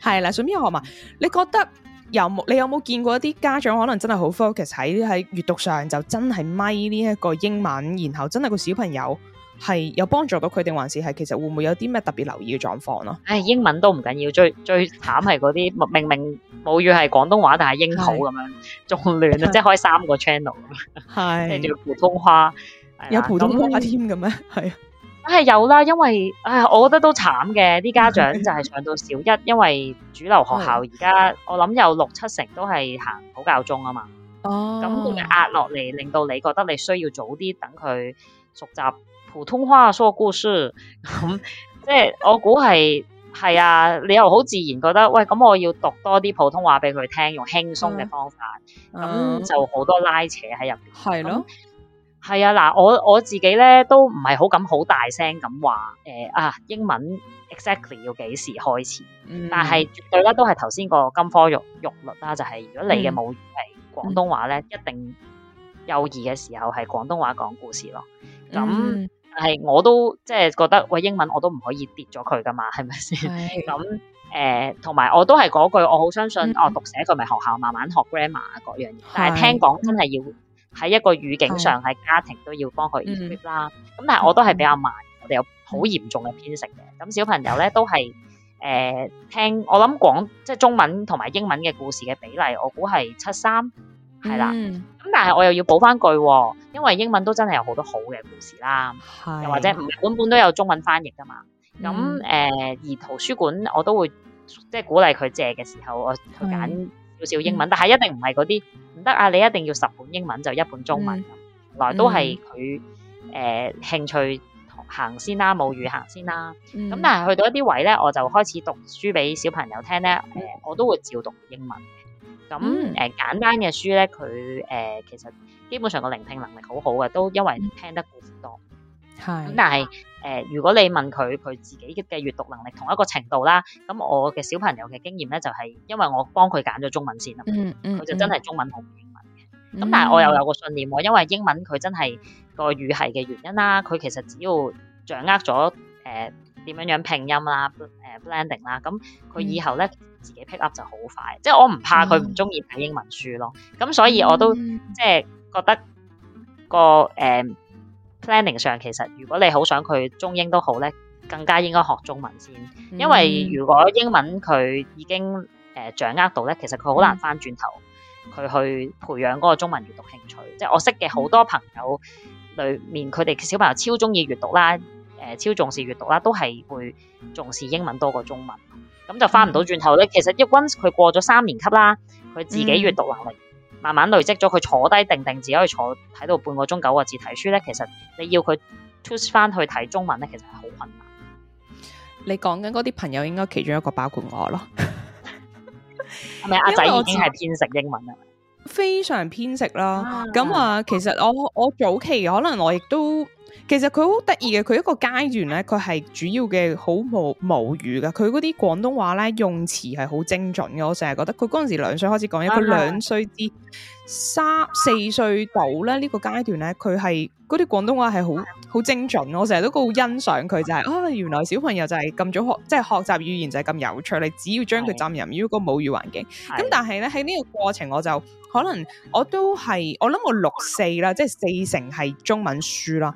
Speaker 1: 係啦，順便學埋、這個嗯。你覺得？有冇你有冇見過一啲家長，可能真係好 focus 喺，喺閱讀上就真係咪呢一個英文然後真係個小朋友係有幫助到佢定，還是係其實會唔會有啲咩特別留意嘅狀況咯？誒、哎，英文都唔緊要，最最慘係嗰啲明明母語係廣東話，但係英好咁樣，仲
Speaker 2: 亂啊！即係開三個 channel，係跟住普通話有普通話添咁樣？係。梗係有啦，因為啊，我覺得都慘嘅，啲家長就係上到小一， [LAUGHS] 因為主流學校而家我諗有六七成都係行普教中啊嘛。哦。咁佢壓落嚟，令到你覺得你需要早啲等佢熟習普通話說故事。咁即係我估係係啊，你又好自然覺得喂，咁我要讀多啲普通話俾佢聽，用輕鬆嘅方
Speaker 1: 法，咁、哦嗯、就
Speaker 2: 好多拉扯喺入邊。係咯。係啊，嗱，我我自己咧都唔係好敢好大聲咁話，誒、呃、啊英文 exactly 要幾時開始？嗯、但係絕對咧都係頭先個金科玉玉律啦、啊，就係、是、如果你嘅母語係廣東話咧、嗯，一定幼兒嘅時候係廣東話講故事咯。咁、嗯、係我都即係覺得喂英文我都唔可以跌咗佢噶嘛，係咪先？咁誒同埋我都係嗰句，我好相信、嗯、哦，讀寫佢咪學校慢慢學 grammar 啊各樣嘢，但係聽講真係要。喺一個語境上，喺家庭都要幫佢 equip 啦。咁、嗯、但係我都係比較慢，嗯、我哋有好嚴重嘅偏食嘅。咁、嗯、小朋友咧都係誒、呃、聽，我諗講即係中文同埋英文嘅故事嘅比例，我估係七三係啦。咁、嗯、但係我又要補翻句，因為英文都真係有好多好嘅故事啦，又或者本本都有中文翻譯噶嘛。
Speaker 1: 咁、嗯、誒、呃、
Speaker 2: 而圖書館我都會即係、就是、鼓勵佢借嘅時候，我去揀。嗯少少英文，但係一定唔係嗰啲，唔得啊！你一定要十本英文就一本中文，嗯、原來都係佢誒興趣行先啦，母語行先啦。咁但係去到一啲位咧，我就開始讀書俾小朋友聽咧，誒、呃、我都會照讀英文。咁誒、呃、簡單嘅書咧，佢誒、呃、其實基本上個聆聽能力好好嘅，都因為聽得故事多。係、嗯、咁，但係。誒，如果你問佢佢自己嘅閱讀能力同一個程度啦，咁我嘅小朋友嘅經驗咧就係，因為我幫佢揀咗中文先啦，佢就真係中文好英文嘅。咁但係我又有個信念喎，因為英文佢真係個語系嘅原因啦，佢其實只要掌握咗誒點樣樣拼音啦，誒 blending 啦，咁佢以後咧自己 pick up 就好快。即係我唔怕佢唔中意睇英文書咯。咁所以我都即係覺得個誒。Planning 上其實，如果你好想佢中英都好咧，更加應該學中文先，因為如果英文佢已經誒掌握到咧，其實佢好難翻轉頭，佢去培養嗰個中文閱讀興趣。即係我識嘅好多朋友裏面，佢哋小朋友超中意閱讀啦，誒超重視閱讀啦，都係會重視英文多過中文，
Speaker 1: 咁就翻唔到轉頭咧。
Speaker 2: 其實一 once 佢過咗三年級啦，佢自己閱讀能力。慢慢累積咗，佢坐低定定，只可以坐睇到半個鐘九個字睇書咧。其實你要佢 choose 翻去睇中文咧，其實係好困難。
Speaker 1: 你講緊嗰啲朋友，應該其中一個包括我咯。
Speaker 2: 係咪阿仔已經係偏食英文啊？
Speaker 1: 非常偏食啦。咁啊，啊，啊，啊，其實我我早期可能我亦都。其實佢好得意嘅，佢一個階段呢，佢係主要嘅好無，無語㗎，佢嗰啲廣東話呢，用詞係好精準嘅，我成日覺得佢嗰陣時兩歲開始講嘢，佢兩歲至。嗯嗯三四歲到咧呢、這個階段咧，佢係嗰啲廣東話係好好精準，我成日都好欣賞佢就係、是、啊，原來小朋友就係咁早學，即、就、係、是、學習語言就係咁有趣。你只要將佢浸入於一個母語環境，咁、嗯、但係咧喺呢個過程，我就可能我都係我諗我六四啦，即、就、係、是、四成係中文書啦。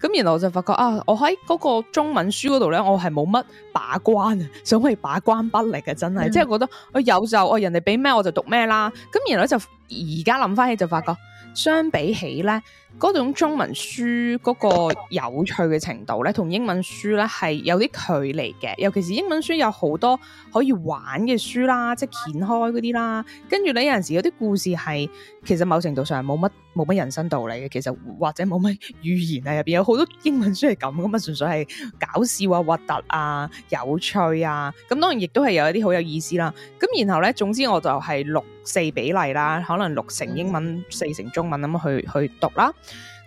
Speaker 1: 咁然後我就發覺啊，我喺嗰個中文書嗰度咧，我係冇乜把關，所謂把關不力啊，真係，即、嗯、係、就是、覺得我、哎、有就我人哋俾咩我就讀咩啦，咁然後就。而家諗翻起就發覺，相比起咧。嗰種中文書嗰個有趣嘅程度呢，同英文書呢係有啲距離嘅。尤其是英文書有好多可以玩嘅書啦，即係掀開嗰啲啦。跟住呢有陣時有啲故事係其實某程度上冇乜冇乜人生道理嘅。其實或者冇乜語言啊，入面有好多英文書係咁咁啊，純粹係搞笑啊、核突啊、有趣啊。咁當然亦都係有一啲好有意思啦。咁然後呢，總之我就係六四比例啦，可能六成英文，四成中文咁去去讀啦。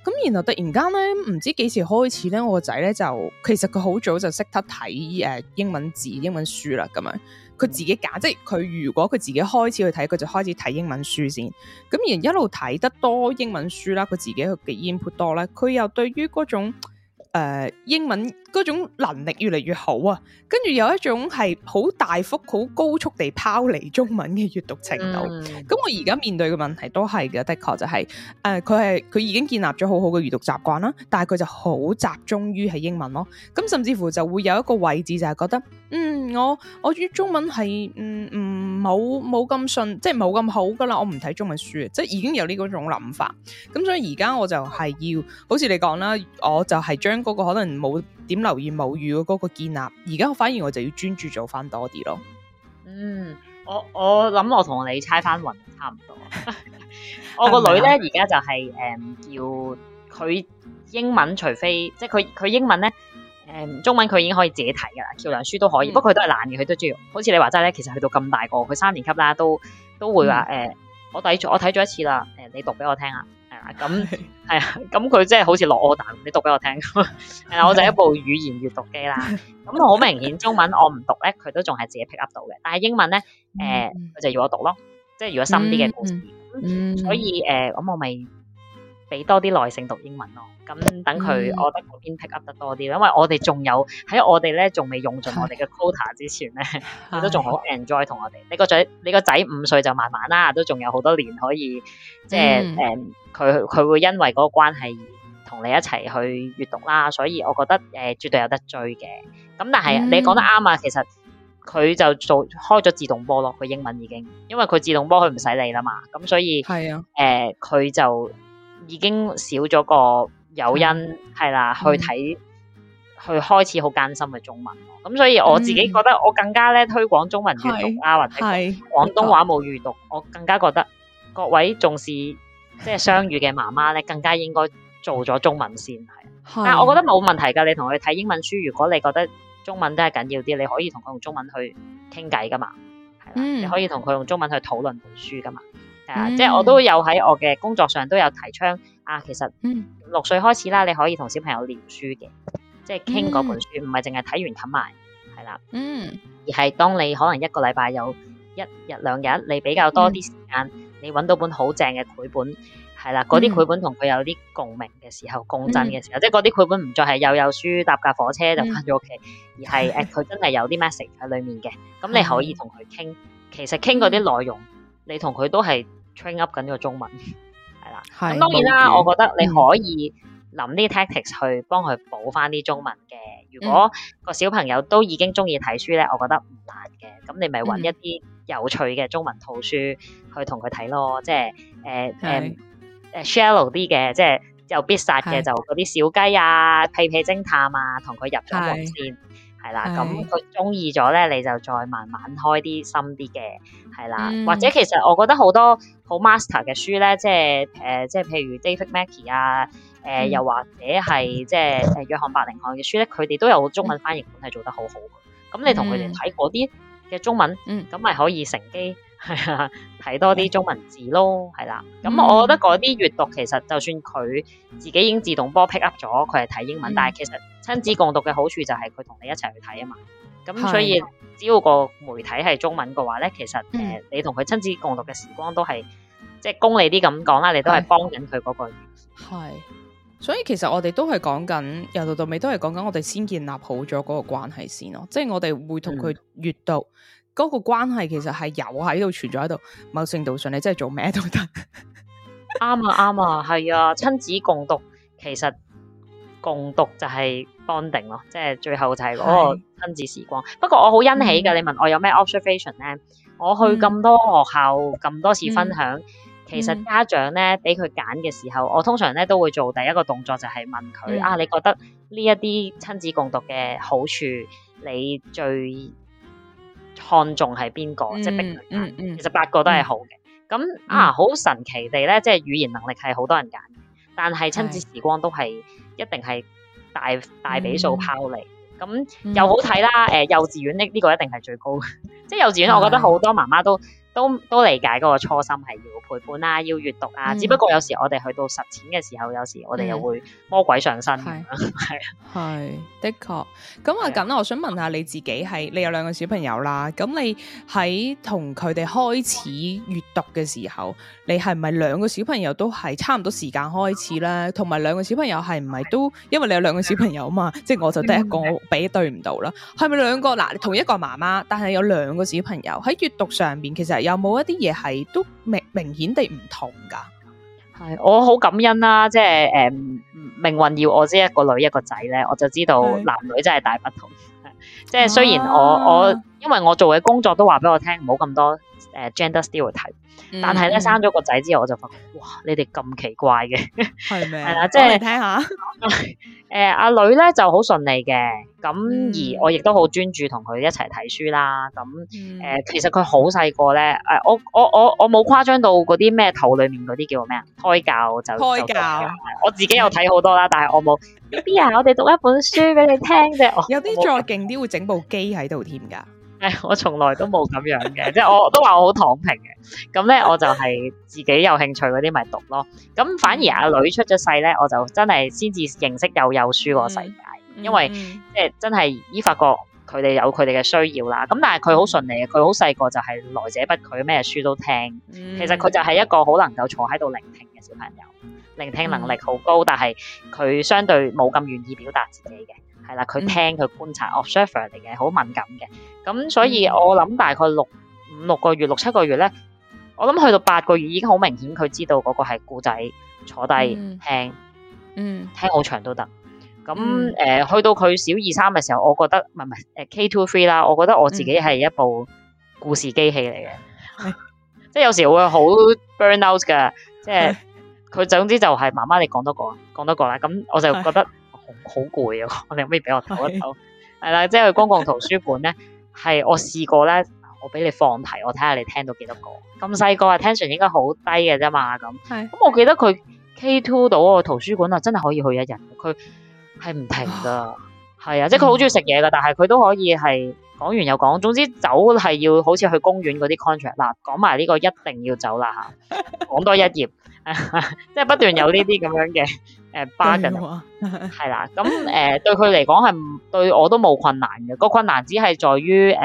Speaker 1: 咁然後突然間咧，唔知幾時開始咧，我個仔咧就其實佢好早就識得睇誒英文字、英文書啦。咁樣佢自己假，即係佢如果佢自己開始去睇，佢就開始睇英文書先。咁然一路睇得多英文書啦，佢自己嘅 input 多啦，佢又對於嗰種。誒、呃，英文嗰種能力越嚟越好啊，跟住有一種係好大幅、好高速地拋離中文嘅閱讀程度。咁、嗯、我而家面對嘅問題都係嘅，的確就係、是，誒、呃，佢係佢已經建立咗好好嘅閱讀習慣啦，但係佢就好集中於喺英文咯。咁甚至乎就會有一個位置就係覺得，嗯，我我中中文係，嗯，唔冇冇咁順，即係冇咁好噶啦，我唔睇中文書，即係已經有呢嗰種諗法。咁所以而家我就係要，好似你講啦，我就係將。個、那個可能冇點留意母語嗰個建立，而家我反而我就要專注做翻多啲咯。
Speaker 2: 嗯，我
Speaker 1: 我諗我同你猜翻云
Speaker 2: 差唔多。 [LAUGHS]
Speaker 1: [LAUGHS] [LAUGHS] 我個女咧而
Speaker 2: 家就係、是、誒、嗯、叫佢英文，除非即係佢佢英文咧誒、嗯、中文佢已經可以自己睇噶啦，橋梁書都可以，嗯、不過佢都係懶嘅，佢都中意。好似你話齋咧，其實去到咁大個，佢三年級啦都都會話誒、嗯呃，我睇我睇咗一次啦，誒、呃、你讀俾我聽啊。咁係啊，咁佢即係好似落 order 你讀俾我聽。係啊，我就一部語言閱讀機啦。咁 [LAUGHS] 好明顯，中文我唔讀咧，佢都仲係自己 pick up 到嘅。但係英文咧，誒、呃，佢就要我讀咯，即係如果深啲嘅故事。嗯嗯嗯嗯嗯，所以誒，咁、呃、我咪。俾多啲耐性讀英文咯，咁等佢，我覺得頭先 pick up 得多啲，因為我哋仲有喺我哋咧，仲未用盡我哋嘅 quota 之前咧，佢 [LAUGHS] 都仲好 enjoy 同我哋。你個仔，你個仔五歲就慢慢啦，都仲有好多年可以即係佢佢會因為嗰個關係而同你一齊去閱讀啦。所以我覺得、呃、絕對有得追嘅。咁但係、嗯、你講得啱啊，其實佢就做開咗自動波咯。佢英文已經因為佢自動波，佢唔使理啦嘛，咁所以係啊佢、呃、就。已經少咗個誘因，係、嗯、啦，去睇、嗯、去開始好艱辛嘅中文，咁所以我自己覺得我更加咧推廣中文閲讀啊、嗯，或者廣東話冇閲讀，我更加覺得各位重視即係雙語嘅媽媽咧，更加應該做咗中文先係。但係我覺得冇問題㗎，你同佢睇英文書，如果你覺得中文都係緊要啲，你可以同佢用中文去傾偈㗎嘛，係啦、嗯，你可以同佢用中文去討論本書㗎嘛。Yeah, mm -hmm. 即係我都有喺我嘅工作上都有提倡啊。其實六歲開始啦，你可以同小朋友聊書嘅，即係傾嗰本書，唔係淨係睇完冚埋，係啦。嗯、mm -hmm.，而係當你可能一個禮拜有一日兩日，你比較多啲時間，mm -hmm. 你搵到本好正嘅繪本，係啦，嗰啲繪本同佢有啲共鳴嘅時候，共振嘅時候，mm -hmm. 即係嗰啲繪本唔再係又有書搭架火車就翻咗屋企，mm -hmm. 而係誒佢真係有啲 message 喺裏面嘅。咁你可以同佢傾，mm -hmm. 其實傾嗰啲內容。你同佢都係 train up 緊呢個中文，係啦。咁當然啦，我覺得你可以諗啲 tactics 去幫佢補翻啲中文嘅、嗯。如果個小朋友都已經中意睇書咧，我覺得唔難嘅。咁你咪揾一啲有趣嘅中文套書去同佢睇咯。即係、呃呃、shallow 啲嘅，即係就必殺嘅就嗰啲小雞啊、屁屁偵探啊，同佢入咗門先。係啦，咁佢中意咗咧，你就再慢慢開啲深啲嘅，係啦、嗯。或者其實我覺得好多好 master 嘅書咧，即係誒、呃，即係譬如 David Mackey 啊，誒、呃嗯，又或者係即係誒，約翰八零行嘅書咧，佢哋都有中文翻譯本係做得好好。咁你同佢哋睇嗰啲嘅中文，咁、嗯、咪可以乘機睇多啲中文字咯，係啦。咁我覺得嗰啲閱讀其實就算佢自己已經自動波 pick up 咗，佢係睇英文，嗯、但係其實。親子共讀嘅好處就係佢同你一齊去睇啊嘛，咁所以只要個媒體係中文嘅話咧，其實誒、嗯、你同佢親子共讀嘅時光都係，即係公你啲咁講啦，你都係幫緊佢嗰個。
Speaker 1: 係，所以其實我哋都係講緊由頭到尾都係講緊我哋先建立好咗嗰個關係先咯，即係我哋會同佢閱讀，嗯，嗰個關係，其實係有喺度存在喺度，某程度上你真係做咩都得。
Speaker 2: 啱啊啱啊，係啊，親子共讀其實共讀就係 bonding 咯，即係最後就係嗰個親子時光。不過我好欣喜嘅、嗯，你問我有咩 observation 咧？我去咁多學校，咁、嗯、多次分享，嗯、其實家長咧俾佢揀嘅時候，我通常咧都會做第一個動作就係、是、問佢、嗯：啊，你覺得呢一啲親子共讀嘅好處，你最看重係邊個？即係俾佢揀，其實八個都係好嘅。咁、嗯、啊，好神奇地咧，即係語言能力係好多人揀嘅，但係親子時光都係一定係。大大比數拋離，咁又好睇啦。誒、嗯呃，幼稚園呢呢個一定係最高，即、就、係、是、幼稚園，我覺得好多媽媽都都都理解嗰個初心係要陪伴啦，要閱讀啊、嗯。只不過有時我哋去到實踐嘅時候，有時我哋又會魔鬼上身，係、嗯、
Speaker 1: 係 [LAUGHS] 的確。咁，阿瑾我想問下你自己係，你有兩個小朋友啦，咁你喺同佢哋開始閱讀嘅時候。你係咪兩個小朋友都係差唔多時間開始啦？同埋兩個小朋友係唔係都？因為你有兩個小朋友啊嘛， [LAUGHS] 即係我就得一個，我俾對唔到啦。係咪兩個嗱？你同一個媽媽，但係有兩個小朋友喺閱讀上邊，其實有冇一啲嘢係都明明顯地唔同噶？係我好感恩啦、啊，即係誒、嗯，命運要
Speaker 2: 我知一個女一個仔咧，我就知道男女真係大不同。即係雖然我、啊、我因為我做嘅工作都話俾我聽，唔好咁多。誒、uh, Gender still 會睇，但係咧生咗個仔之後，我就發覺，哇！你哋咁奇怪嘅，係咩？係 [LAUGHS] 啦、就是，即係你睇下。誒阿女咧就好順利嘅，咁、嗯、而我亦都好專注同佢一齊睇書啦。咁誒、呃嗯、其實佢好細個咧，誒、呃、我我我我冇誇張到嗰啲咩頭裡面嗰啲叫做咩啊？胎教就胎教就，我自己有睇好多啦， [LAUGHS] 但係我冇。
Speaker 1: 啲人 [LAUGHS] 我哋讀一本書俾你聽啫、 [LAUGHS] 哦。有啲再勁啲會整部機喺度添㗎。哎、
Speaker 2: 我從來都冇咁樣嘅， [LAUGHS] 即係我都話我好躺平嘅。咁咧，我就係自己有興趣嗰啲咪讀咯。咁反而阿女出咗世咧，我就真係先至認識有有書個世界，嗯嗯嗯，因為即係真係依發覺佢哋有佢哋嘅需要啦。咁但係佢好順利嘅，佢好細個就係來者不拒，咩書都聽。嗯嗯，其實佢就係一個好能夠坐喺度聆聽嘅小朋友，聆聽能力好高，但係佢相對冇咁願意表達自己嘅。係啦，佢聽佢觀察，嗯、observer 嚟嘅，好敏感嘅。咁所以我諗大概六五六個月，六七個月咧，我諗去到八個月已經好明顯，佢知道嗰個係故仔坐低聽，嗯，聽好長都得。咁誒、呃，去到佢小二三嘅時候，我覺得唔係唔係誒，K two three 啦，我覺得我自己係一部故事機器嚟嘅，嗯， [LAUGHS] [LAUGHS] 即係有時會好 burn out 噶。即係佢總之就係媽媽你講多個講多個啦。咁我就覺得。好攰啊！你可唔可以俾我唞一唞？係啦，即係去公共圖書館咧，係我試過咧，我俾你放題，我睇下你聽到幾多個。咁細個啊，attention 應該好低嘅啫嘛，咁。係。咁我記得佢 K two 到個圖書館啊，真係可以去一日，佢係唔停噶。係 [LAUGHS] 啊，即係佢好中意食嘢噶，但係佢都可以係講完又講，總之走係要好似去公園嗰啲 contract 嗱，講埋呢個一定要走啦吓，講多一頁。即 [LAUGHS] 係不斷有呢啲咁樣嘅誒 bug
Speaker 1: 嘅，
Speaker 2: 係 [LAUGHS] 啦、嗯。咁 [LAUGHS] 誒、呃、對佢嚟講係，對我都冇困難嘅。個困難只係在於誒誒，點、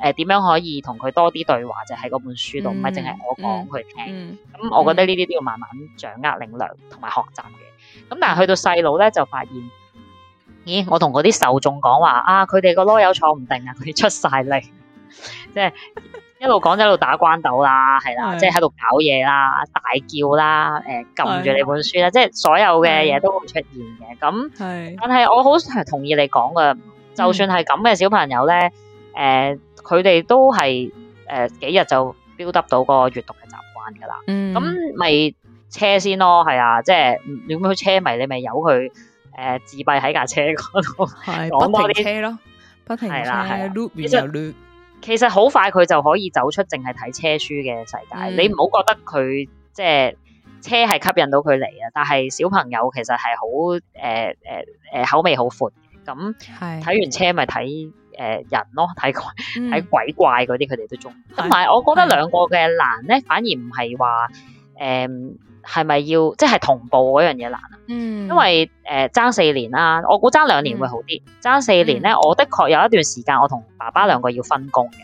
Speaker 2: 呃呃、樣可以同佢多啲對話就喺、是、嗰本書度，唔係淨係我講佢聽。咁、嗯嗯、我覺得呢啲都要慢慢掌握領略同埋學習嘅。咁但係去到細佬咧，就發現，咦，我同嗰啲受眾講話啊，佢哋個囉柚坐唔定啊，佢出晒力，即 [LAUGHS] 係、就是。一路講就一路打關鬥啦，係啦，即係喺度搞嘢啦，大叫啦，誒撳住你本書啦，即係所有嘅嘢都會出現嘅。咁，但係我好同意你講嘅，就算係咁嘅小朋友咧，誒佢哋都係誒幾日就 build up 到個閱讀嘅習慣噶啦。咁咪車先咯，係啊，即係如果車迷你咪由佢誒自閉喺架車嗰度，係不停車咯，
Speaker 1: 不停車，loop 完又 loop。
Speaker 2: 其實好快佢就可以走出淨係睇車書嘅世界，嗯、你唔好覺得佢即係車係吸引到佢嚟啊！但係小朋友其實係好誒誒誒口味好闊嘅，咁睇完車咪睇誒人咯，睇鬼睇鬼怪嗰啲佢哋都鍾意。同埋我覺得兩個嘅難咧，反而唔係話誒。呃係咪要即係同步嗰樣嘢難啊？嗯，因為誒爭、呃、四年啦、啊，我估爭兩年會好啲。爭、嗯、四年咧、嗯，我的確有一段時間我同爸爸兩個要分工嘅。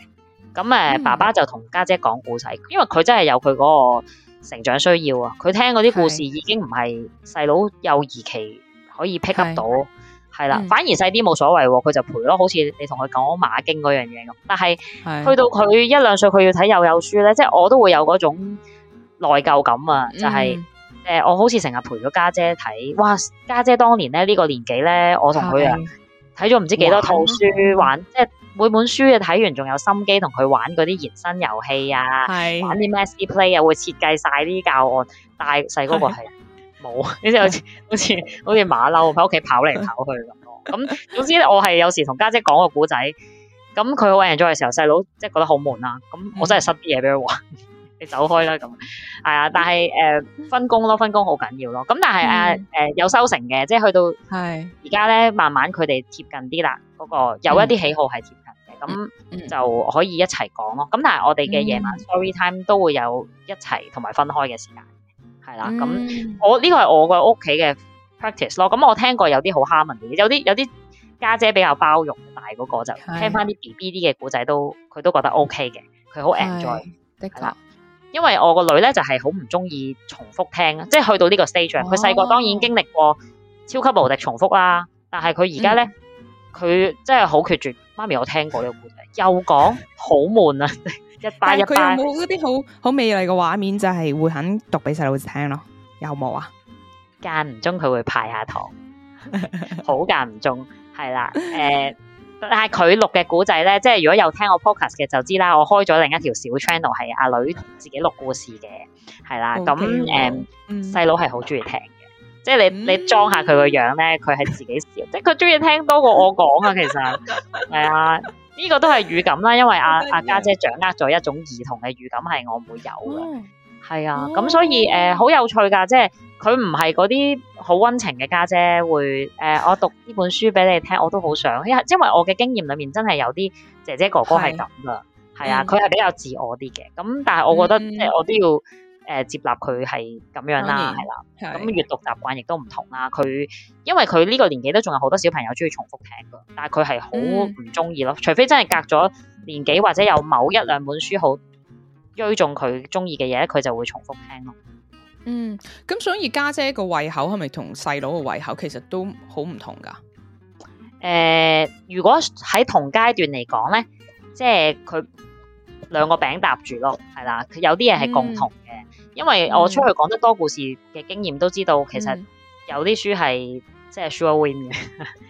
Speaker 2: 咁誒、呃嗯，爸爸就同家姐講故事，因為佢真係有佢嗰個成長需要啊。佢聽嗰啲故事是已經唔係細佬幼兒期可以 pick up 到，係啦、嗯。反而細啲冇所謂，佢就陪咯，好似你同佢講馬經嗰樣嘢咁。但係去到佢一兩歲，佢要睇幼幼書咧，即、就、係、是、我都會有嗰種。內疚感啊，就係、是嗯呃、我好似成日陪咗家姐睇，哇！家姐，姐當年咧呢、呢個年紀咧，我同佢啊睇咗唔知幾多套書玩、啊、玩，即係每本書嘅睇完仲有心機同佢玩嗰啲延伸遊戲啊，玩啲 Messy Play 啊，會設計曬啲教案大細嗰個係冇，你 [LAUGHS] 好似好似好似馬騮喺屋企跑嚟跑去咁。咁 [LAUGHS] 總之我係有時同家姐講個故仔，咁佢好 enjoy 嘅時候，細佬即係覺得好悶啊。咁我真係塞啲嘢俾佢玩。嗯 [LAUGHS] 走開啦咁，係啊！但係誒分工咯，分工好緊要咯。咁但係啊誒有收成嘅，即係去到而家咧，慢慢佢哋貼近啲啦。嗰、那個有一啲喜好係貼近嘅，咁、嗯、就可以一齊講咯。咁、嗯、但係我哋嘅夜晚 story time 都會有一齊同埋分開嘅時間，係、嗯、啦。咁我呢、這個係我個屋企嘅 practice 咯。咁我聽過有啲好 harmony 嘅，有啲有啲家姐比較包容，但係嗰個就的聽翻啲 BB 啲嘅古仔都佢都覺得 OK 嘅，佢
Speaker 1: 好 enjoy 的確。
Speaker 2: 因為我個女咧就係好唔中意重複聽，即係去到呢個 stage，佢細個當然經歷過超級無敵重複啦，但係佢而家咧佢真係好決絕。媽咪我聽過呢個故事，又講好悶啊，一班一班，佢有冇
Speaker 1: 嗰啲好好美麗嘅畫面，就係、是，會肯讀俾細路仔聽咯？有冇啊？
Speaker 2: 間唔中佢會排下堂，好間唔中係啦，誒。呃 [LAUGHS] 但係佢錄嘅古仔咧，即係如果有聽我 Podcast 嘅就知啦。我開咗另一條小 channel 係阿女自己錄故事嘅，係啦。咁誒，細佬係好中意聽嘅、嗯，即係你你裝下佢個樣咧，佢係自己笑的、嗯，即係佢中意聽多過我講啊。 [LAUGHS] 其實係啊，呢、這個都係語感啦，因為阿阿家姐掌握咗一種兒童嘅語感係我唔會有嘅，係啊。咁所以誒，好、呃、有趣噶，即係。佢唔係嗰啲好温情嘅家姐，姐，會誒、呃，我讀呢本書俾你聽，我都好想，因為因為我嘅經驗裏面真係有啲姐姐哥哥係咁噶，係啊，佢、嗯、係比較自我啲嘅，咁但係我覺得、嗯、即我都要誒、呃、接納佢係咁樣啦，係、嗯、啦，咁閱、啊啊啊嗯、讀習慣亦都唔同啦。佢因為佢呢個年紀都仲有好多小朋友中意重複聽噶，但係佢係好唔中意咯，除非真係隔咗年紀或者有某一
Speaker 1: 兩本書好追蹤佢中意嘅嘢，佢就會重複聽咯。嗯，咁所以家姐個胃口係咪同細佬個胃口其實都好唔同噶？誒、呃，如果喺同階段嚟講咧，即係佢
Speaker 2: 兩個餅搭住咯，係啦，佢有啲嘢係共同嘅、嗯，因為我出去講得多故事嘅經驗都知道，嗯、其實有啲書係。即係 sure win 嘅，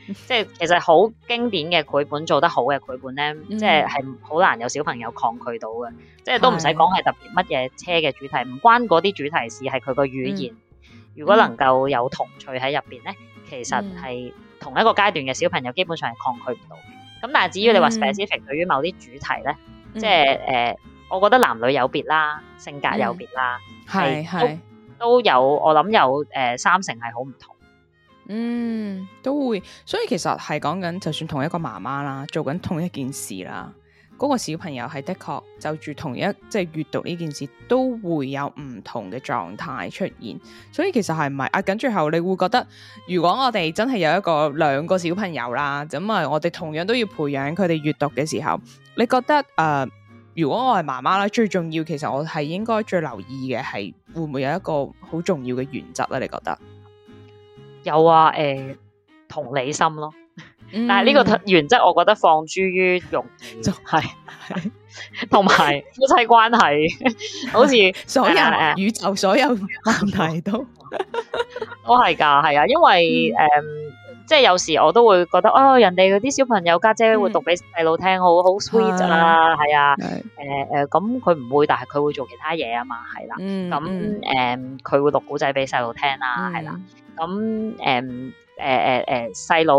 Speaker 2: 即係其實好經典嘅繪本做得好嘅繪本咧，即係係好難有小朋友抗拒到嘅，即係都唔使講係特別乜嘢車嘅主題，唔關嗰啲主題事，係佢個語言、嗯，如果能夠有童趣喺入邊咧，其實係同一個階段嘅小朋友基本上係抗拒唔到嘅。咁但係至於你話 specific、嗯、對於某啲主題咧、嗯，即係誒、呃，我覺得男女有別啦，性格有別啦，係、嗯、係都
Speaker 1: 有，我諗有誒、呃、三成係好唔同。嗯，都會，所以其實係講緊，就算同一個媽媽啦，做緊同一件事啦，嗰、那個小朋友係的確就住同一即係閱讀呢件事，都會有唔同嘅狀態出現。所以其實係唔係啊？咁最後你會覺得，如果我哋真係有一個兩個小朋友啦，咁啊，我哋同樣都要培養佢哋閱讀嘅時候，你覺得誒、呃，如果我係媽媽啦，最重要，其實我係應該最留意嘅係會唔會有一個好重要嘅原則咧？你覺得？有啊，誒、欸、同理心咯，但係呢個原
Speaker 2: 則，我覺得放諸於用、嗯，就係同埋夫妻關係，好似所有、啊啊啊、宇
Speaker 1: 宙所有問題都
Speaker 2: 都係㗎，係啊，因為誒，即、嗯、係、就係、有時我都會覺得哦，人哋嗰啲小朋友家姐、姐會讀俾細路聽，好好 sweet 啦，係啊，誒誒咁佢唔會，但係佢會做其他嘢啊嘛，係啦，咁誒佢會讀古仔俾細路聽啦，係、嗯、啦。咁誒誒誒誒細佬，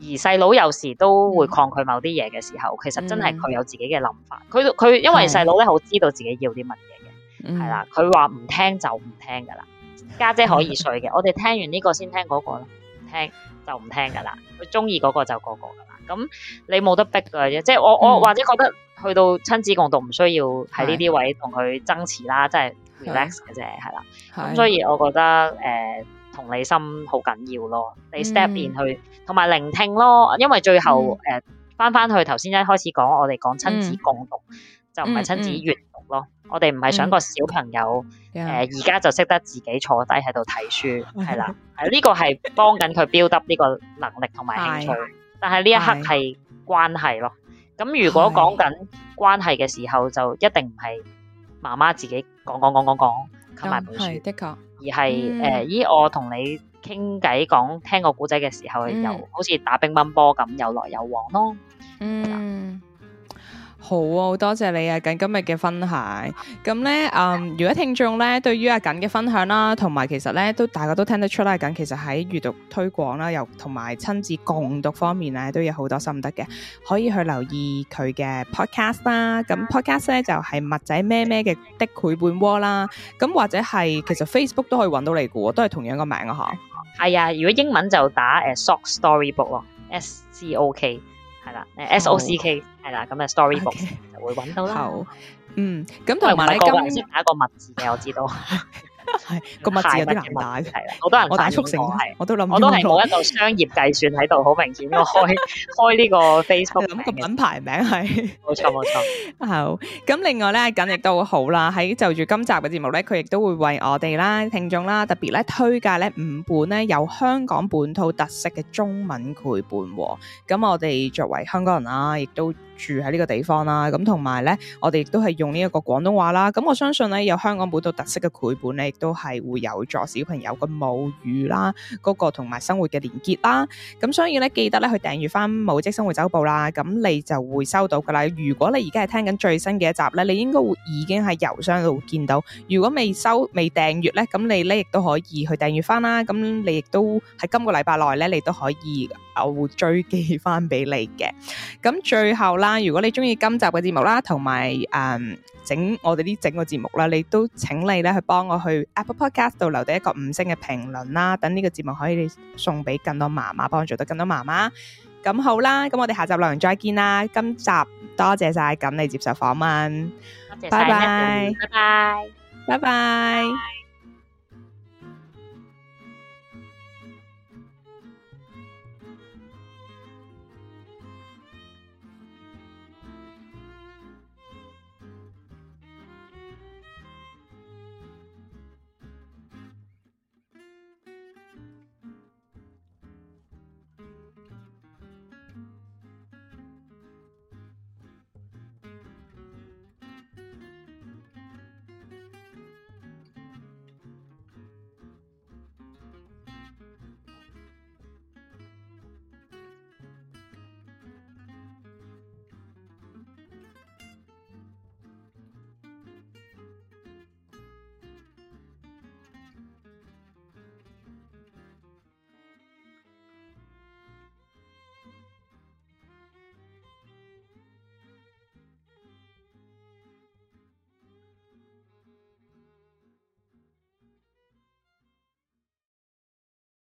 Speaker 2: 而細佬有時都會抗拒某啲嘢嘅時候，其實真係佢有自己嘅諗法。佢、嗯、佢因為細佬咧，好知道自己要啲乜嘢嘅，係、嗯、啦。佢話唔聽就唔聽噶啦，家姐，姐可以睡嘅、嗯。我哋聽完呢個先聽嗰、嗰個，唔聽就唔聽噶啦。佢中意嗰個就嗰個噶啦。咁你冇得逼佢啫。即係我我或者覺得去到親子共讀唔需要喺呢啲位同佢爭持啦，即、嗯、係 relax 嘅啫，係啦。咁所以我覺得誒。呃同理心好緊要咯，你 step in 去，同、嗯、埋聆聽咯，因為最後誒翻翻去頭先一開始講，我哋講親子共讀、嗯、就唔係親子閲讀咯，嗯、我哋唔係想個小朋友誒而家就識得自己坐低喺度睇書，係、嗯、啦，係 [LAUGHS] 呢個係幫緊佢 build up 呢個能力同埋興趣，是但係呢一刻係關係咯。咁如果講緊關係嘅時候，就一定唔係媽媽自己講講講講講。吸埋本書，係的確，而係誒依我同你傾偈講聽個古仔嘅時候，嗯、又好似打乒乓波咁，有來有往咯，嗯。
Speaker 1: 好啊，好多謝你啊！咁今日嘅分享，咁咧，嗯，如果聽眾咧，對於阿瑾嘅分享啦，同埋其實咧，都大家都聽得出啦，阿瑾其實喺閱讀推廣啦，又同埋親自共讀方面咧，都有好多心得嘅，可以去留意佢嘅 podcast 啦。咁、啊、podcast 咧就係、是、襪仔咩咩嘅的繪本窩啦。咁或者係其實 Facebook 都可以揾到你嘅，都係同樣個名啊！嗬，係啊！如
Speaker 2: 果英文就打誒、啊、sock story book 哦，S G O K。係啦，S 誒 O C K 係啦，咁啊 storybook、okay。就會揾到啦。
Speaker 1: 好，嗯，咁同埋你今日識一
Speaker 2: 個文字嘅，我知道。 [LAUGHS] 係個字有啲難打係啦，好多人快速成係，我
Speaker 1: 都諗，我都係冇一個
Speaker 2: 商業計算喺度，好明顯我開開呢個 Facebook 咁個品牌名係冇錯冇錯。
Speaker 1: 好咁，另外咧，咁亦都好啦，喺就住今集嘅節目咧，佢亦都會為我哋啦聽眾啦，特別咧推介咧五本咧有香港本土特色嘅中文繪本。咁我哋作為香港人啦，亦都。住喺呢個地方啦，咁同埋咧，我哋亦都係用呢一個廣東話啦。咁我相信咧，有香港本土特色嘅繪本咧，亦都係會有助小朋友嘅母語啦，嗰、那個同埋生活嘅連結啦。咁所以咧，記得咧去訂閱翻《母職生活周報》啦，咁你就會收到噶啦。如果你而家係聽緊最新嘅一集咧，你應該會已經喺郵箱度見到。如果未收未訂閱咧，咁你咧亦都可以去訂閱翻啦。咁你亦都喺今個禮拜內咧，你都可以我、呃、追寄翻俾你嘅。咁最後咧啦，如果你中意今集嘅節目啦，同埋誒整我哋呢整個節目啦，你都請你咧去幫我去 Apple Podcast 度留低一個五星嘅評論啦，等呢個節目可以送俾更多媽媽，幫助到更多媽媽。咁好啦，咁我哋下集留言再見啦。今集多謝晒，咁你接受訪問，多謝晒，拜拜，拜拜，拜拜。Bye bye